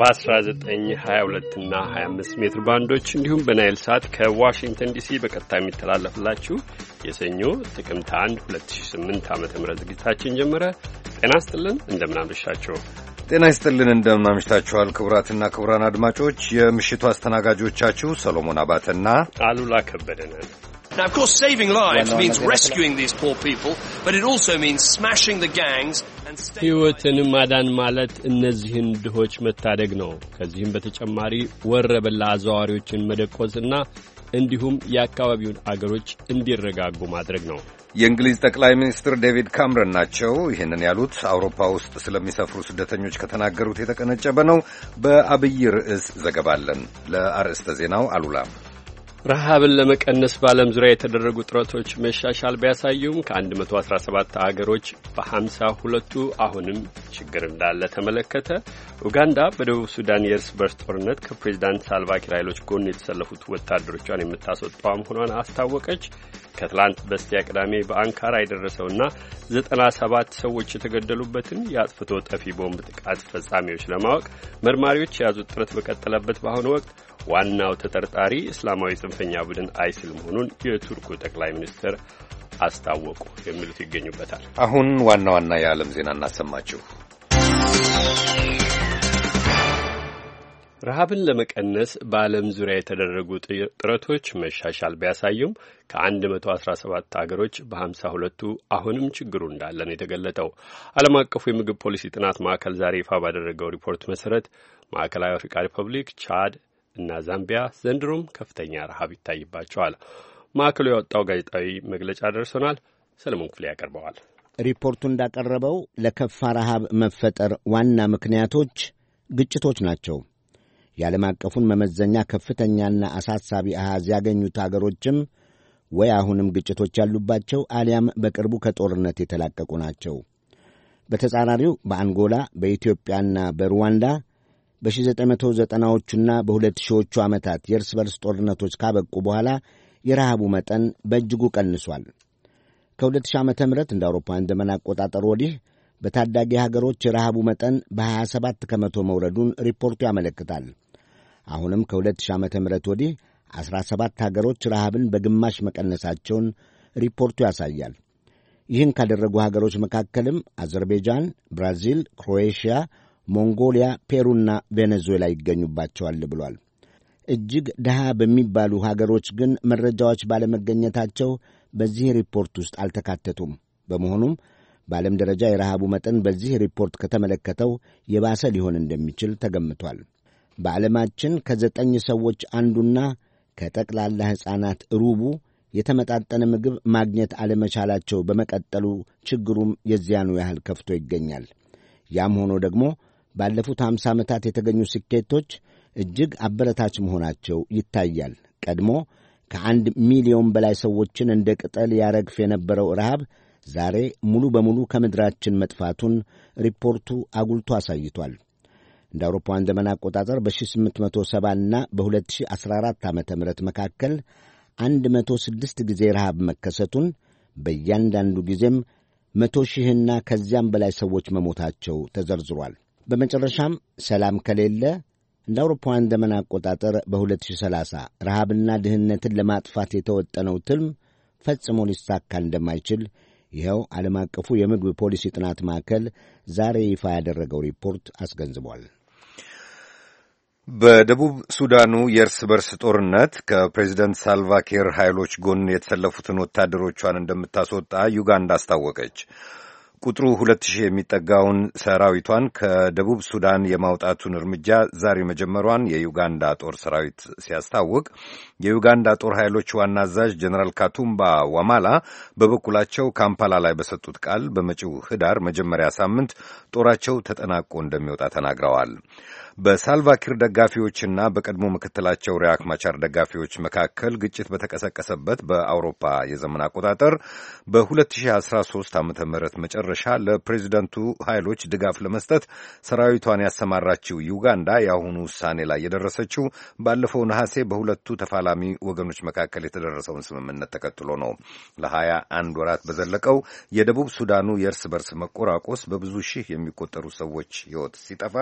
በ1922 እና 25 ሜትር ባንዶች እንዲሁም በናይል ሳት ከዋሽንግተን ዲሲ በቀጥታ የሚተላለፍላችሁ የሰኞ ጥቅምት 1 2008 ዓ ም ዝግጅታችን ጀመረ። ጤና ይስጥልን፣ እንደምናመሻቸው ጤና ይስጥልን፣ እንደምናመሽታችኋል። ክቡራትና ክቡራን አድማጮች የምሽቱ አስተናጋጆቻችሁ ሰሎሞን አባተና አሉላ ከበደ ነን። Now, of course, saving lives means rescuing these poor people, but it also means smashing the gangs ሕይወትን ማዳን ማለት እነዚህን ድሆች መታደግ ነው። ከዚህም በተጨማሪ ወረበላ አዘዋዋሪዎችን መደቆስና እንዲሁም የአካባቢውን አገሮች እንዲረጋጉ ማድረግ ነው። የእንግሊዝ ጠቅላይ ሚኒስትር ዴቪድ ካምረን ናቸው ይህንን ያሉት። አውሮፓ ውስጥ ስለሚሰፍሩ ስደተኞች ከተናገሩት የተቀነጨበ ነው። በአብይ ርዕስ ዘገባለን። ለአርዕስተ ዜናው አሉላ ረሃብን ለመቀነስ በዓለም ዙሪያ የተደረጉ ጥረቶች መሻሻል ቢያሳዩም ከ117 አገሮች በሀምሳ ሁለቱ አሁንም ችግር እንዳለ ተመለከተ። ኡጋንዳ በደቡብ ሱዳን የእርስ በርስ ጦርነት ከፕሬዚዳንት ሳልቫኪር ኃይሎች ጎን የተሰለፉት ወታደሮቿን የምታስወጣ መሆኗን አስታወቀች። ከትላንት በስቲያ ቅዳሜ በአንካራ የደረሰውና 97 ሰዎች የተገደሉበትን የአጥፍቶ ጠፊ ቦምብ ጥቃት ፈጻሚዎች ለማወቅ መርማሪዎች የያዙት ጥረት በቀጠለበት በአሁኑ ወቅት ዋናው ተጠርጣሪ እስላማዊ ጽንፈኛ ቡድን አይስል መሆኑን የቱርኩ ጠቅላይ ሚኒስትር አስታወቁ። የሚሉት ይገኙበታል። አሁን ዋና ዋና የዓለም ዜና እናሰማችሁ። ረሃብን ለመቀነስ በዓለም ዙሪያ የተደረጉ ጥረቶች መሻሻል ቢያሳዩም ከ117 አገሮች በ52ቱ አሁንም ችግሩ እንዳለን የተገለጠው። ዓለም አቀፉ የምግብ ፖሊሲ ጥናት ማዕከል ዛሬ ይፋ ባደረገው ሪፖርት መሠረት ማዕከላዊ አፍሪካ ሪፐብሊክ፣ ቻድ፣ እና ዛምቢያ ዘንድሮም ከፍተኛ ረሃብ ይታይባቸዋል። ማዕከሉ ያወጣው ጋዜጣዊ መግለጫ ደርሶናል። ሰለሞን ክፍሌ ያቀርበዋል። ሪፖርቱ እንዳቀረበው ለከፋ ረሃብ መፈጠር ዋና ምክንያቶች ግጭቶች ናቸው። የዓለም አቀፉን መመዘኛ ከፍተኛና አሳሳቢ አሃዝ ያገኙት አገሮችም ወይ አሁንም ግጭቶች ያሉባቸው አሊያም በቅርቡ ከጦርነት የተላቀቁ ናቸው። በተጻራሪው በአንጎላ በኢትዮጵያና በሩዋንዳ በ1990ዎቹና በ2000ዎቹ ዓመታት የእርስ በርስ ጦርነቶች ካበቁ በኋላ የረሃቡ መጠን በእጅጉ ቀንሷል። ከ2000 ዓ ም እንደ አውሮፓውያን ዘመን አቆጣጠር ወዲህ በታዳጊ ሀገሮች የረሃቡ መጠን በ27 ከመቶ መውረዱን ሪፖርቱ ያመለክታል። አሁንም ከ2000 ዓ ም ወዲህ 17 ሀገሮች ረሃብን በግማሽ መቀነሳቸውን ሪፖርቱ ያሳያል። ይህን ካደረጉ ሀገሮች መካከልም አዘርቤጃን፣ ብራዚል፣ ክሮኤሽያ ሞንጎሊያ፣ ፔሩና ቬኔዙዌላ ይገኙባቸዋል ብሏል። እጅግ ድሃ በሚባሉ ሀገሮች ግን መረጃዎች ባለመገኘታቸው በዚህ ሪፖርት ውስጥ አልተካተቱም። በመሆኑም በዓለም ደረጃ የረሃቡ መጠን በዚህ ሪፖርት ከተመለከተው የባሰ ሊሆን እንደሚችል ተገምቷል። በዓለማችን ከዘጠኝ ሰዎች አንዱና ከጠቅላላ ሕፃናት ሩቡ የተመጣጠነ ምግብ ማግኘት አለመቻላቸው በመቀጠሉ ችግሩም የዚያኑ ያህል ከፍቶ ይገኛል። ያም ሆኖ ደግሞ ባለፉት ሐምሳ ዓመታት የተገኙ ስኬቶች እጅግ አበረታች መሆናቸው ይታያል። ቀድሞ ከአንድ ሚሊዮን በላይ ሰዎችን እንደ ቅጠል ያረግፍ የነበረው ረሃብ ዛሬ ሙሉ በሙሉ ከምድራችን መጥፋቱን ሪፖርቱ አጉልቶ አሳይቷል። እንደ አውሮፓውያን ዘመን አቆጣጠር በ1870 እና በ2014 ዓ ም መካከል 106 ጊዜ ረሃብ መከሰቱን በእያንዳንዱ ጊዜም መቶ ሺህና ከዚያም በላይ ሰዎች መሞታቸው ተዘርዝሯል። በመጨረሻም ሰላም ከሌለ እንደ አውሮፓውያን ዘመን አቆጣጠር በ2030 ረሃብና ድህነትን ለማጥፋት የተወጠነው ትልም ፈጽሞ ሊሳካ እንደማይችል ይኸው ዓለም አቀፉ የምግብ ፖሊሲ ጥናት ማዕከል ዛሬ ይፋ ያደረገው ሪፖርት አስገንዝቧል። በደቡብ ሱዳኑ የእርስ በርስ ጦርነት ከፕሬዚደንት ሳልቫኪር ኃይሎች ጎን የተሰለፉትን ወታደሮቿን እንደምታስወጣ ዩጋንዳ አስታወቀች። ቁጥሩ ሁለት ሺህ የሚጠጋውን ሰራዊቷን ከደቡብ ሱዳን የማውጣቱን እርምጃ ዛሬ መጀመሯን የዩጋንዳ ጦር ሰራዊት ሲያስታውቅ የዩጋንዳ ጦር ኃይሎች ዋና አዛዥ ጀኔራል ካቱምባ ዋማላ በበኩላቸው ካምፓላ ላይ በሰጡት ቃል በመጪው ህዳር መጀመሪያ ሳምንት ጦራቸው ተጠናቆ እንደሚወጣ ተናግረዋል። በሳልቫኪር ደጋፊዎችና በቀድሞ ምክትላቸው ሪያክ ማቻር ደጋፊዎች መካከል ግጭት በተቀሰቀሰበት በአውሮፓ የዘመን አቆጣጠር በ2013 ዓ ም መጨረሻ ለፕሬዚደንቱ ኃይሎች ድጋፍ ለመስጠት ሰራዊቷን ያሰማራችው ዩጋንዳ የአሁኑ ውሳኔ ላይ የደረሰችው ባለፈው ነሐሴ በሁለቱ ተፋላሚ ወገኖች መካከል የተደረሰውን ስምምነት ተከትሎ ነው። ለ ለ21 ወራት በዘለቀው የደቡብ ሱዳኑ የእርስ በርስ መቆራቆስ በብዙ ሺህ የሚቆጠሩ ሰዎች ሕይወት ሲጠፋ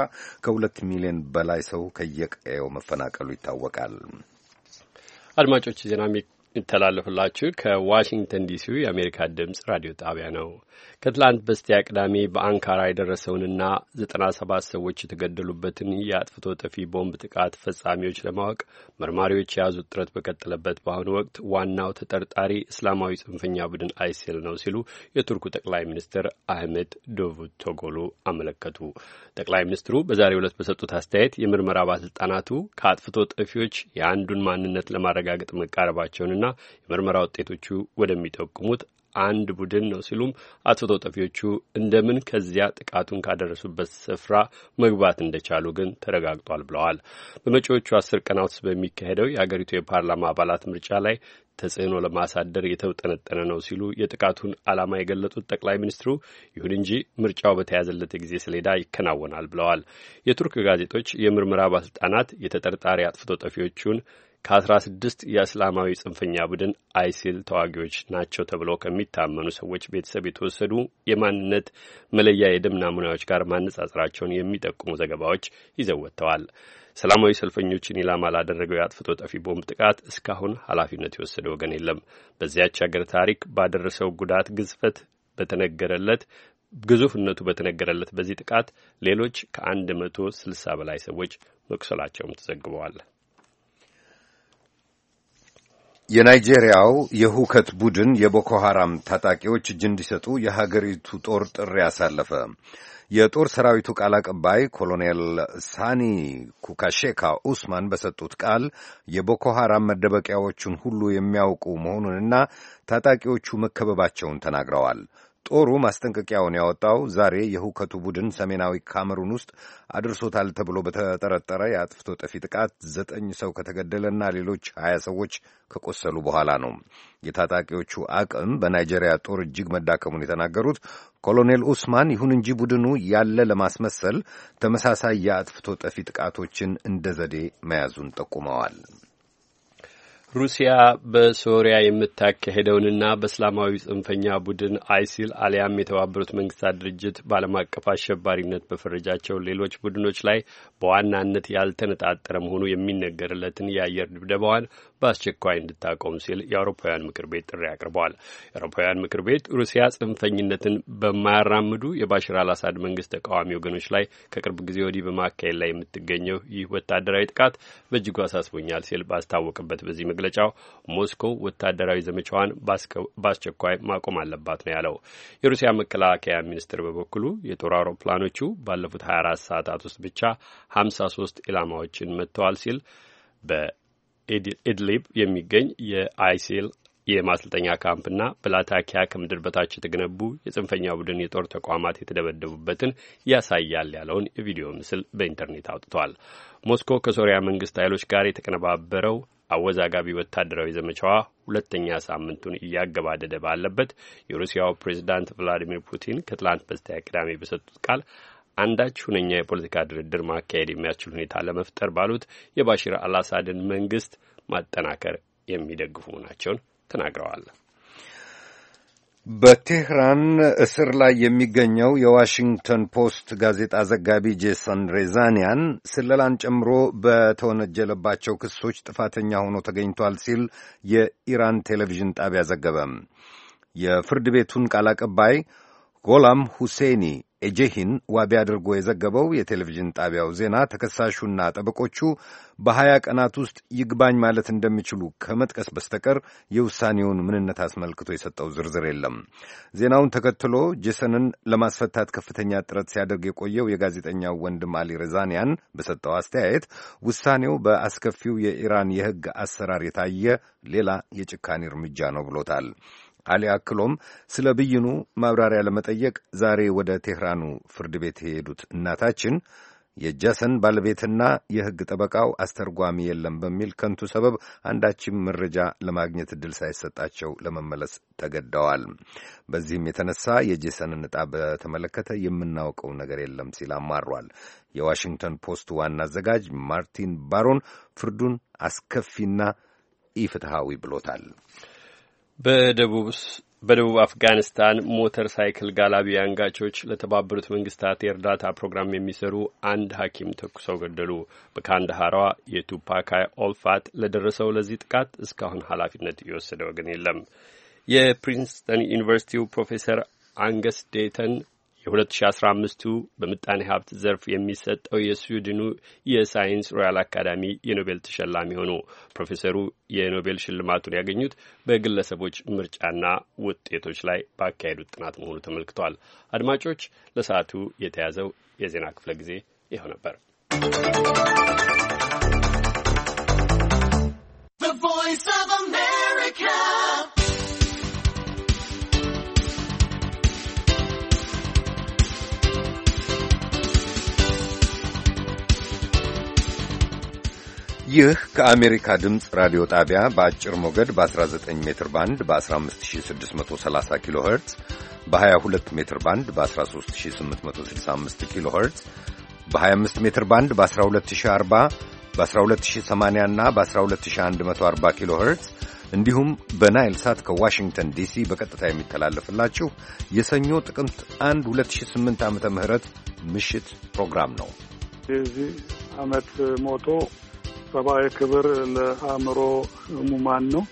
ከሁለት ሚ ሚሊዮን በላይ ሰው ከየቀየው መፈናቀሉ ይታወቃል። አድማጮች ዜና የሚተላለፍላችሁ ከዋሽንግተን ዲሲው የአሜሪካ ድምጽ ራዲዮ ጣቢያ ነው። ከትላንት በስቲያ ቅዳሜ በአንካራ የደረሰውንና ዘጠና ሰባት ሰዎች የተገደሉበትን የአጥፍቶ ጠፊ ቦምብ ጥቃት ፈጻሚዎች ለማወቅ መርማሪዎች የያዙት ጥረት በቀጠለበት በአሁኑ ወቅት ዋናው ተጠርጣሪ እስላማዊ ጽንፈኛ ቡድን አይሴል ነው ሲሉ የቱርኩ ጠቅላይ ሚኒስትር አህመድ ዳውቶግሉ አመለከቱ። ጠቅላይ ሚኒስትሩ በዛሬ ዕለት በሰጡት አስተያየት የምርመራ ባለስልጣናቱ ከአጥፍቶ ጠፊዎች የአንዱን ማንነት ለማረጋገጥ መቃረባቸውንና የምርመራ ውጤቶቹ ወደሚጠቁሙት አንድ ቡድን ነው ሲሉም አቶ ተጠፊዎቹ እንደምን ከዚያ ጥቃቱን ካደረሱበት ስፍራ መግባት እንደቻሉ ግን ተረጋግጧል ብለዋል። በመጪዎቹ አስር ቀናት በሚካሄደው የአገሪቱ የፓርላማ አባላት ምርጫ ላይ ተጽዕኖ ለማሳደር የተውጠነጠነ ነው ሲሉ የጥቃቱን ዓላማ የገለጡት ጠቅላይ ሚኒስትሩ ይሁን እንጂ ምርጫው በተያዘለት ጊዜ ሰሌዳ ይከናወናል ብለዋል። የቱርክ ጋዜጦች የምርመራ ባለስልጣናት የተጠርጣሪ አጥፍቶ ጠፊዎቹን ከ16 የእስላማዊ ጽንፈኛ ቡድን አይሲል ተዋጊዎች ናቸው ተብለው ከሚታመኑ ሰዎች ቤተሰብ የተወሰዱ የማንነት መለያ የደም ናሙናዎች ጋር ማነጻጸራቸውን የሚጠቁሙ ዘገባዎች ይዘው ወጥተዋል። ሰላማዊ ሰልፈኞችን ኢላማ ላደረገው የአጥፍቶ ጠፊ ቦምብ ጥቃት እስካሁን ኃላፊነት የወሰደ ወገን የለም። በዚያች ሀገር ታሪክ ባደረሰው ጉዳት ግዝፈት በተነገረለት ግዙፍነቱ በተነገረለት በዚህ ጥቃት ሌሎች ከአንድ መቶ ስልሳ በላይ ሰዎች መቁሰላቸውም ተዘግበዋል። የናይጄሪያው የሁከት ቡድን የቦኮ ሐራም ታጣቂዎች እጅ እንዲሰጡ የሀገሪቱ ጦር ጥሪ አሳለፈ። የጦር ሰራዊቱ ቃል አቀባይ ኮሎኔል ሳኒ ኩካሼካ ኡስማን በሰጡት ቃል የቦኮ ሐራም መደበቂያዎቹን ሁሉ የሚያውቁ መሆኑንና ታጣቂዎቹ መከበባቸውን ተናግረዋል። ጦሩ ማስጠንቀቂያውን ያወጣው ዛሬ የሁከቱ ቡድን ሰሜናዊ ካሜሩን ውስጥ አድርሶታል ተብሎ በተጠረጠረ የአጥፍቶ ጠፊ ጥቃት ዘጠኝ ሰው ከተገደለና ሌሎች ሀያ ሰዎች ከቆሰሉ በኋላ ነው። የታጣቂዎቹ አቅም በናይጄሪያ ጦር እጅግ መዳከሙን የተናገሩት ኮሎኔል ኡስማን፣ ይሁን እንጂ ቡድኑ ያለ ለማስመሰል ተመሳሳይ የአጥፍቶ ጠፊ ጥቃቶችን እንደ ዘዴ መያዙን ጠቁመዋል። ሩሲያ በሶሪያ የምታካሄደውንና በእስላማዊ ጽንፈኛ ቡድን አይሲል አሊያም የተባበሩት መንግስታት ድርጅት በዓለም አቀፍ አሸባሪነት በፈረጃቸው ሌሎች ቡድኖች ላይ በዋናነት ያልተነጣጠረ መሆኑ የሚነገርለትን የአየር ድብደባዋን በአስቸኳይ እንድታቆም ሲል የአውሮፓውያን ምክር ቤት ጥሪ አቅርበዋል። የአውሮፓውያን ምክር ቤት ሩሲያ ጽንፈኝነትን በማያራምዱ የባሽር አልአሳድ መንግስት ተቃዋሚ ወገኖች ላይ ከቅርብ ጊዜ ወዲህ በማካሄድ ላይ የምትገኘው ይህ ወታደራዊ ጥቃት በእጅጉ አሳስቦኛል ሲል ባስታወቅበት በዚህ መግለጫው ሞስኮ ወታደራዊ ዘመቻዋን በአስቸኳይ ማቆም አለባት ነው ያለው። የሩሲያ መከላከያ ሚኒስትር በበኩሉ የጦር አውሮፕላኖቹ ባለፉት 24 ሰዓታት ውስጥ ብቻ 53 ኢላማዎችን መጥተዋል ሲል በ ኢድሊብ የሚገኝ የአይሲል የማሰልጠኛ ካምፕና በላታኪያ ከምድር በታች የተገነቡ የጽንፈኛ ቡድን የጦር ተቋማት የተደበደቡበትን ያሳያል ያለውን የቪዲዮ ምስል በኢንተርኔት አውጥቷል። ሞስኮ ከሶሪያ መንግስት ኃይሎች ጋር የተቀነባበረው አወዛጋቢ ወታደራዊ ዘመቻዋ ሁለተኛ ሳምንቱን እያገባደደ ባለበት የሩሲያው ፕሬዚዳንት ቭላዲሚር ፑቲን ከትላንት በስቲያ ቅዳሜ በሰጡት ቃል አንዳች ሁነኛ የፖለቲካ ድርድር ማካሄድ የሚያስችል ሁኔታ ለመፍጠር ባሉት የባሽር አልአሳድን መንግስት ማጠናከር የሚደግፉ መሆናቸውን ተናግረዋል። በቴህራን እስር ላይ የሚገኘው የዋሽንግተን ፖስት ጋዜጣ ዘጋቢ ጄሰን ሬዛኒያን ስለላን ጨምሮ በተወነጀለባቸው ክሶች ጥፋተኛ ሆኖ ተገኝቷል ሲል የኢራን ቴሌቪዥን ጣቢያ ዘገበም። የፍርድ ቤቱን ቃል አቀባይ ጎላም ሁሴኒ ኤጄሂን ዋቢ አድርጎ የዘገበው የቴሌቪዥን ጣቢያው ዜና ተከሳሹና ጠበቆቹ በሀያ ቀናት ውስጥ ይግባኝ ማለት እንደሚችሉ ከመጥቀስ በስተቀር የውሳኔውን ምንነት አስመልክቶ የሰጠው ዝርዝር የለም። ዜናውን ተከትሎ ጄሰንን ለማስፈታት ከፍተኛ ጥረት ሲያደርግ የቆየው የጋዜጠኛው ወንድም አሊ ረዛንያን በሰጠው አስተያየት ውሳኔው በአስከፊው የኢራን የሕግ አሰራር የታየ ሌላ የጭካኔ እርምጃ ነው ብሎታል። አሊ አክሎም ስለ ብይኑ ማብራሪያ ለመጠየቅ ዛሬ ወደ ቴህራኑ ፍርድ ቤት የሄዱት እናታችን የጃሰን ባለቤትና የሕግ ጠበቃው አስተርጓሚ የለም በሚል ከንቱ ሰበብ አንዳችም መረጃ ለማግኘት እድል ሳይሰጣቸው ለመመለስ ተገደዋል። በዚህም የተነሳ የጀሰን ዕጣ በተመለከተ የምናውቀው ነገር የለም ሲል አማሯል። የዋሽንግተን ፖስት ዋና አዘጋጅ ማርቲን ባሮን ፍርዱን አስከፊና ኢፍትሐዊ ብሎታል። በደቡብ አፍጋኒስታን ሞተር ሳይክል ጋላቢ አንጋቾች ለተባበሩት መንግስታት የእርዳታ ፕሮግራም የሚሰሩ አንድ ሐኪም ተኩሰው ገደሉ። በካንዳሃሯ የቱፓካይ ኦልፋት ለደረሰው ለዚህ ጥቃት እስካሁን ኃላፊነት የወሰደ ወገን የለም። የፕሪንስተን ዩኒቨርሲቲው ፕሮፌሰር አንገስ ዴተን የ2015ቱ በምጣኔ ሀብት ዘርፍ የሚሰጠው የስዊድኑ የሳይንስ ሮያል አካዳሚ የኖቤል ተሸላሚ ሆኑ። ፕሮፌሰሩ የኖቤል ሽልማቱን ያገኙት በግለሰቦች ምርጫና ውጤቶች ላይ ባካሄዱት ጥናት መሆኑ ተመልክቷል። አድማጮች፣ ለሰዓቱ የተያዘው የዜና ክፍለ ጊዜ ይኸው ነበር። ይህ ከአሜሪካ ድምፅ ራዲዮ ጣቢያ በአጭር ሞገድ በ19 ሜትር ባንድ በ15630 ኪሎ ኸርትዝ በ22 ሜትር ባንድ በ13865 ኪሎ ኸርትዝ በ25 ሜትር ባንድ በ12040 በ12080 እና በ12140 ኪሎ ኸርትዝ እንዲሁም በናይል ሳት ከዋሽንግተን ዲሲ በቀጥታ የሚተላለፍላችሁ የሰኞ ጥቅምት 1 2008 ዓመተ ምሽት ፕሮግራም ነው። የዚህ ዓመት ሞቶ ሰብአዊ ክብር ለአእምሮ ሙማን ነው።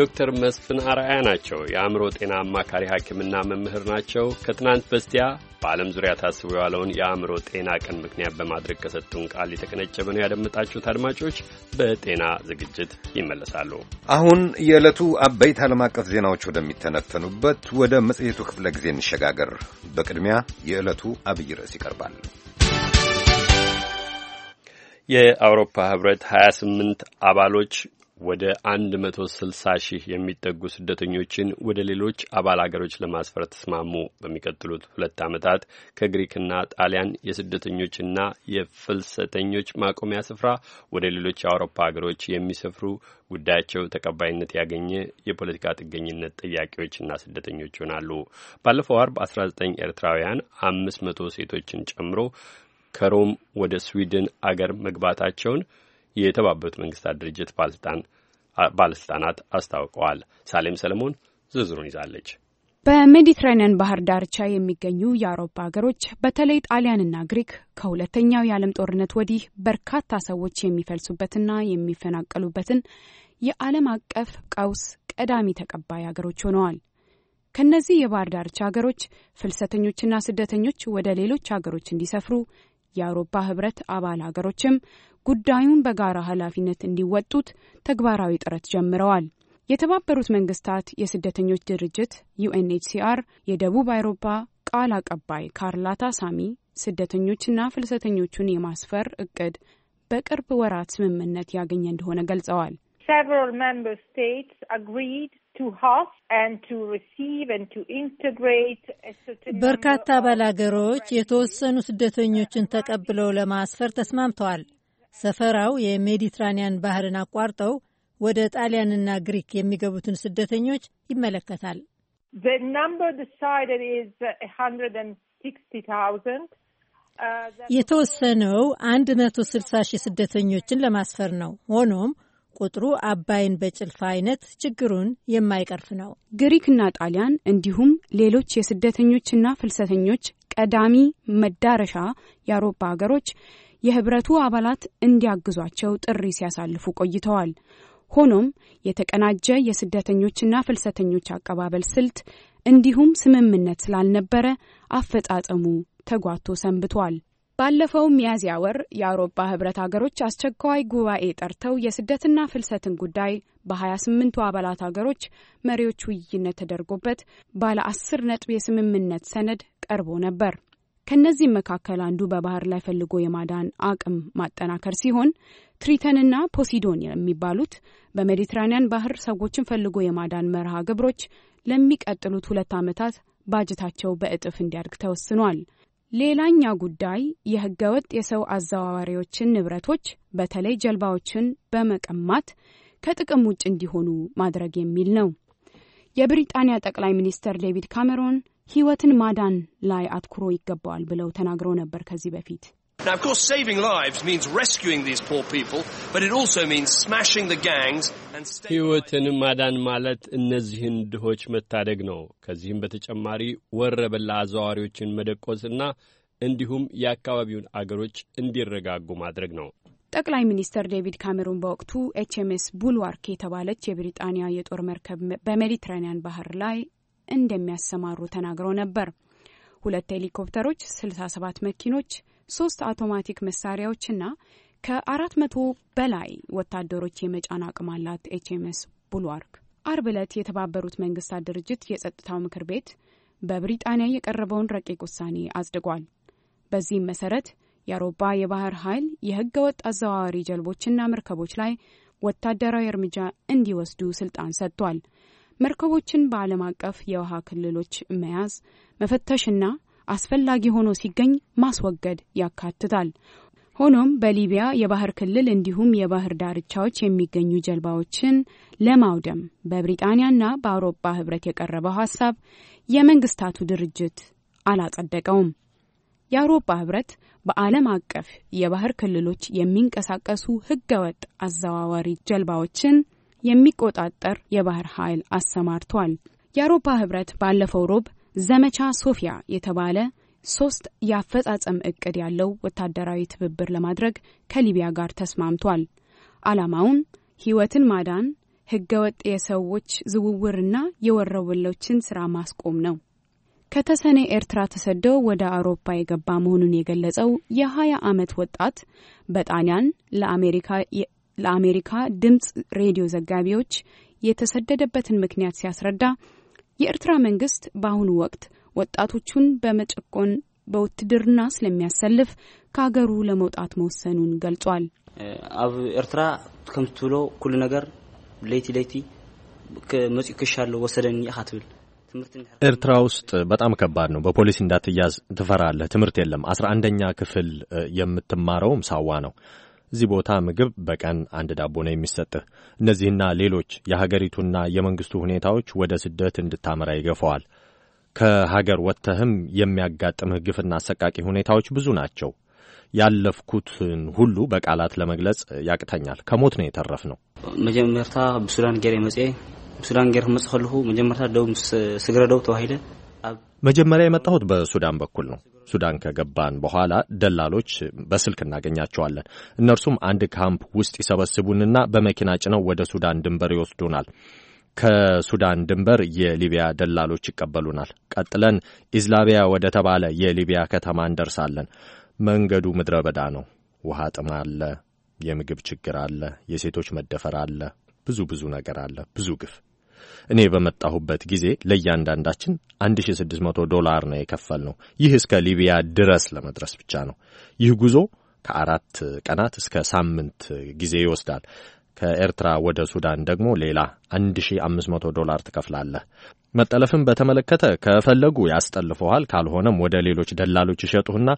ዶክተር መስፍን አርአያ ናቸው። የአእምሮ ጤና አማካሪ ሐኪምና መምህር ናቸው። ከትናንት በስቲያ በዓለም ዙሪያ ታስቦ የዋለውን የአእምሮ ጤና ቀን ምክንያት በማድረግ ከሰጡን ቃል የተቀነጨበ ነው ያደመጣችሁት። አድማጮች በጤና ዝግጅት ይመለሳሉ። አሁን የዕለቱ አበይት ዓለም አቀፍ ዜናዎች ወደሚተነተኑበት ወደ መጽሔቱ ክፍለ ጊዜ እንሸጋገር። በቅድሚያ የዕለቱ አብይ ርዕስ ይቀርባል። የአውሮፓ ህብረት 28 አባሎች ወደ አንድ መቶ ሺህ የሚጠጉ ስደተኞችን ወደ ሌሎች አባል አገሮች ለማስፈር ተስማሙ። በሚቀጥሉት ሁለት ዓመታት ከግሪክና ጣሊያን የስደተኞችና የፍልሰተኞች ማቆሚያ ስፍራ ወደ ሌሎች የአውሮፓ አገሮች የሚሰፍሩ ጉዳያቸው ተቀባይነት ያገኘ የፖለቲካ ጥገኝነት ጥያቄዎችና ስደተኞች ይሆናሉ። ባለፈው አርብ 19 ኤርትራውያን አምስት መቶ ሴቶችን ጨምሮ ከሮም ወደ ስዊድን አገር መግባታቸውን የተባበሩት መንግስታት ድርጅት ባለስልጣናት አስታውቀዋል። ሳሌም ሰለሞን ዝርዝሩን ይዛለች። በሜዲትራኒያን ባህር ዳርቻ የሚገኙ የአውሮፓ ሀገሮች በተለይ ጣሊያንና ግሪክ ከሁለተኛው የዓለም ጦርነት ወዲህ በርካታ ሰዎች የሚፈልሱበትና የሚፈናቀሉበትን የዓለም አቀፍ ቀውስ ቀዳሚ ተቀባይ ሀገሮች ሆነዋል። ከእነዚህ የባህር ዳርቻ ሀገሮች ፍልሰተኞችና ስደተኞች ወደ ሌሎች ሀገሮች እንዲሰፍሩ የአውሮፓ ህብረት አባል ሀገሮችም ጉዳዩን በጋራ ኃላፊነት እንዲወጡት ተግባራዊ ጥረት ጀምረዋል። የተባበሩት መንግስታት የስደተኞች ድርጅት ዩኤንኤችሲአር የደቡብ አውሮፓ ቃል አቀባይ ካርላታ ሳሚ ስደተኞችና ፍልሰተኞቹን የማስፈር እቅድ በቅርብ ወራት ስምምነት ያገኘ እንደሆነ ገልጸዋል። Several member states agreed በርካታ አገሮች የተወሰኑ ስደተኞችን ተቀብለው ለማስፈር ተስማምተዋል። ሰፈራው የሜዲትራኒያን ባህርን አቋርጠው ወደ ጣሊያንና ግሪክ የሚገቡትን ስደተኞች ይመለከታል። uh, የተወሰነው 160 ሺህ ስደተኞችን ለማስፈር ነው። ሆኖም ቁጥሩ አባይን በጭልፋ አይነት ችግሩን የማይቀርፍ ነው። ግሪክና ጣሊያን እንዲሁም ሌሎች የስደተኞችና ፍልሰተኞች ቀዳሚ መዳረሻ የአውሮፓ ሀገሮች የህብረቱ አባላት እንዲያግዟቸው ጥሪ ሲያሳልፉ ቆይተዋል። ሆኖም የተቀናጀ የስደተኞችና ፍልሰተኞች አቀባበል ስልት እንዲሁም ስምምነት ስላልነበረ አፈጻጸሙ ተጓቶ ሰንብቷል። ባለፈው ሚያዝያ ወር የአውሮፓ ህብረት ሀገሮች አስቸኳይ ጉባኤ ጠርተው የስደትና ፍልሰትን ጉዳይ በ28ቱ አባላት ሀገሮች መሪዎች ውይይነት ተደርጎበት ባለ አስር ነጥብ የስምምነት ሰነድ ቀርቦ ነበር። ከእነዚህም መካከል አንዱ በባህር ላይ ፈልጎ የማዳን አቅም ማጠናከር ሲሆን ትሪተንና ፖሲዶን የሚባሉት በሜዲትራኒያን ባህር ሰዎችን ፈልጎ የማዳን መርሃ ግብሮች ለሚቀጥሉት ሁለት ዓመታት ባጀታቸው በእጥፍ እንዲያድግ ተወስኗል። ሌላኛ ጉዳይ የህገወጥ የሰው አዘዋዋሪዎችን ንብረቶች በተለይ ጀልባዎችን በመቀማት ከጥቅም ውጭ እንዲሆኑ ማድረግ የሚል ነው። የብሪጣንያ ጠቅላይ ሚኒስትር ዴቪድ ካሜሮን ህይወትን ማዳን ላይ አትኩሮ ይገባዋል ብለው ተናግረው ነበር ከዚህ በፊት Now, of course, saving lives means rescuing these poor people, but it also means smashing the gangs and staying... ሕይወትን ማዳን ማለት እነዚህን ድሆች መታደግ ነው። ከዚህም በተጨማሪ ወረበላ አዘዋዋሪዎችን መደቆስና እንዲሁም የአካባቢውን አገሮች እንዲረጋጉ ማድረግ ነው። ጠቅላይ ሚኒስትር ዴቪድ ካሜሩን በወቅቱ ኤችኤምኤስ ቡልዋርክ የተባለች የብሪጣንያ የጦር መርከብ በሜዲትራኒያን ባህር ላይ እንደሚያሰማሩ ተናግረው ነበር። ሁለት ሄሊኮፕተሮች፣ 67 መኪኖች፣ ሶስት አውቶማቲክ መሳሪያዎችና ከአራት መቶ በላይ ወታደሮች የመጫን አቅም አላት ኤችኤምኤስ ቡልዋርክ። አርብ ዕለት የተባበሩት መንግስታት ድርጅት የጸጥታው ምክር ቤት በብሪጣንያ የቀረበውን ረቂቅ ውሳኔ አጽድቋል። በዚህም መሰረት የአውሮፓ የባህር ኃይል የህገ ወጥ አዘዋዋሪ ጀልቦችና መርከቦች ላይ ወታደራዊ እርምጃ እንዲወስዱ ስልጣን ሰጥቷል። መርከቦችን በዓለም አቀፍ የውሃ ክልሎች መያዝ፣ መፈተሽና አስፈላጊ ሆኖ ሲገኝ ማስወገድ ያካትታል። ሆኖም በሊቢያ የባህር ክልል እንዲሁም የባህር ዳርቻዎች የሚገኙ ጀልባዎችን ለማውደም በብሪጣንያና በአውሮፓ ህብረት የቀረበው ሀሳብ የመንግስታቱ ድርጅት አላጸደቀውም። የአውሮፓ ህብረት በዓለም አቀፍ የባህር ክልሎች የሚንቀሳቀሱ ህገወጥ አዘዋዋሪ ጀልባዎችን የሚቆጣጠር የባህር ኃይል አሰማርቷል። የአውሮፓ ህብረት ባለፈው ሮብ ዘመቻ ሶፊያ የተባለ ሶስት የአፈጻጸም እቅድ ያለው ወታደራዊ ትብብር ለማድረግ ከሊቢያ ጋር ተስማምቷል። ዓላማውን ህይወትን ማዳን፣ ህገወጥ የሰዎች ዝውውርና የወረበሎችን ስራ ማስቆም ነው። ከተሰኔ ኤርትራ ተሰደው ወደ አውሮፓ የገባ መሆኑን የገለጸው የ20 ዓመት ወጣት በጣሊያን ለአሜሪካ ድምፅ ሬዲዮ ዘጋቢዎች የተሰደደበትን ምክንያት ሲያስረዳ የኤርትራ መንግስት በአሁኑ ወቅት ወጣቶቹን በመጨቆን በውትድርና ስለሚያሰልፍ ከሀገሩ ለመውጣት መወሰኑን ገልጿል። ኣብ ኤርትራ ከምትብሎ ኩሉ ነገር ለይቲ ለይቲ መፅኡ ክሻለሁ ወሰደኒ ኢኻ ትብል ኤርትራ ውስጥ በጣም ከባድ ነው። በፖሊስ እንዳትያዝ ትፈራለህ። ትምህርት የለም። አስራ አንደኛ ክፍል የምትማረውም ሳዋ ነው። እዚህ ቦታ ምግብ በቀን አንድ ዳቦ ነው የሚሰጥህ። እነዚህና ሌሎች የሀገሪቱና የመንግስቱ ሁኔታዎች ወደ ስደት እንድታመራ ይገፈዋል። ከሀገር ወጥተህም የሚያጋጥምህ ግፍና አሰቃቂ ሁኔታዎች ብዙ ናቸው። ያለፍኩትን ሁሉ በቃላት ለመግለጽ ያቅተኛል። ከሞት ነው የተረፍ ነው። መጀመርታ ብሱዳን ጌር መጽ ብሱዳን ጌር መጽ ከልሁ መጀመርታ ደቡብ ስግረ ተባሂለ መጀመሪያ የመጣሁት በሱዳን በኩል ነው። ሱዳን ከገባን በኋላ ደላሎች በስልክ እናገኛቸዋለን። እነርሱም አንድ ካምፕ ውስጥ ይሰበስቡንና በመኪና ጭነው ወደ ሱዳን ድንበር ይወስዱናል። ከሱዳን ድንበር የሊቢያ ደላሎች ይቀበሉናል። ቀጥለን ኢዝላቢያ ወደ ተባለ የሊቢያ ከተማ እንደርሳለን። መንገዱ ምድረ በዳ ነው። ውሃ ጥም አለ፣ የምግብ ችግር አለ፣ የሴቶች መደፈር አለ፣ ብዙ ብዙ ነገር አለ፣ ብዙ ግፍ እኔ በመጣሁበት ጊዜ ለእያንዳንዳችን 1600 ዶላር ነው የከፈል ነው። ይህ እስከ ሊቢያ ድረስ ለመድረስ ብቻ ነው። ይህ ጉዞ ከአራት ቀናት እስከ ሳምንት ጊዜ ይወስዳል። ከኤርትራ ወደ ሱዳን ደግሞ ሌላ 1500 ዶላር ትከፍላለህ። መጠለፍን በተመለከተ ከፈለጉ ያስጠልፈዋል፣ ካልሆነም ወደ ሌሎች ደላሎች ይሸጡህና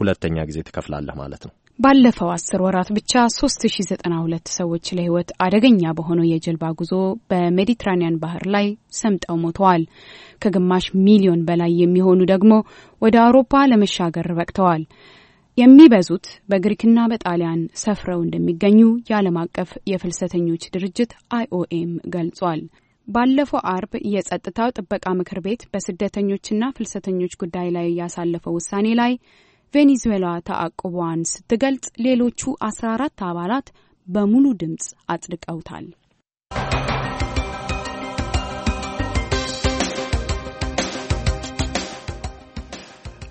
ሁለተኛ ጊዜ ትከፍላለህ ማለት ነው። ባለፈው አስር ወራት ብቻ 3092 ሰዎች ለህይወት አደገኛ በሆነው የጀልባ ጉዞ በሜዲትራኒያን ባህር ላይ ሰምጠው ሞተዋል። ከግማሽ ሚሊዮን በላይ የሚሆኑ ደግሞ ወደ አውሮፓ ለመሻገር በቅተዋል። የሚበዙት በግሪክና በጣሊያን ሰፍረው እንደሚገኙ የዓለም አቀፍ የፍልሰተኞች ድርጅት አይኦኤም ገልጿል። ባለፈው አርብ የጸጥታው ጥበቃ ምክር ቤት በስደተኞችና ፍልሰተኞች ጉዳይ ላይ ያሳለፈው ውሳኔ ላይ ቬኔዙዌላ ተዓቅቧን ስትገልጽ ሌሎቹ 14 አባላት በሙሉ ድምፅ አጽድቀውታል።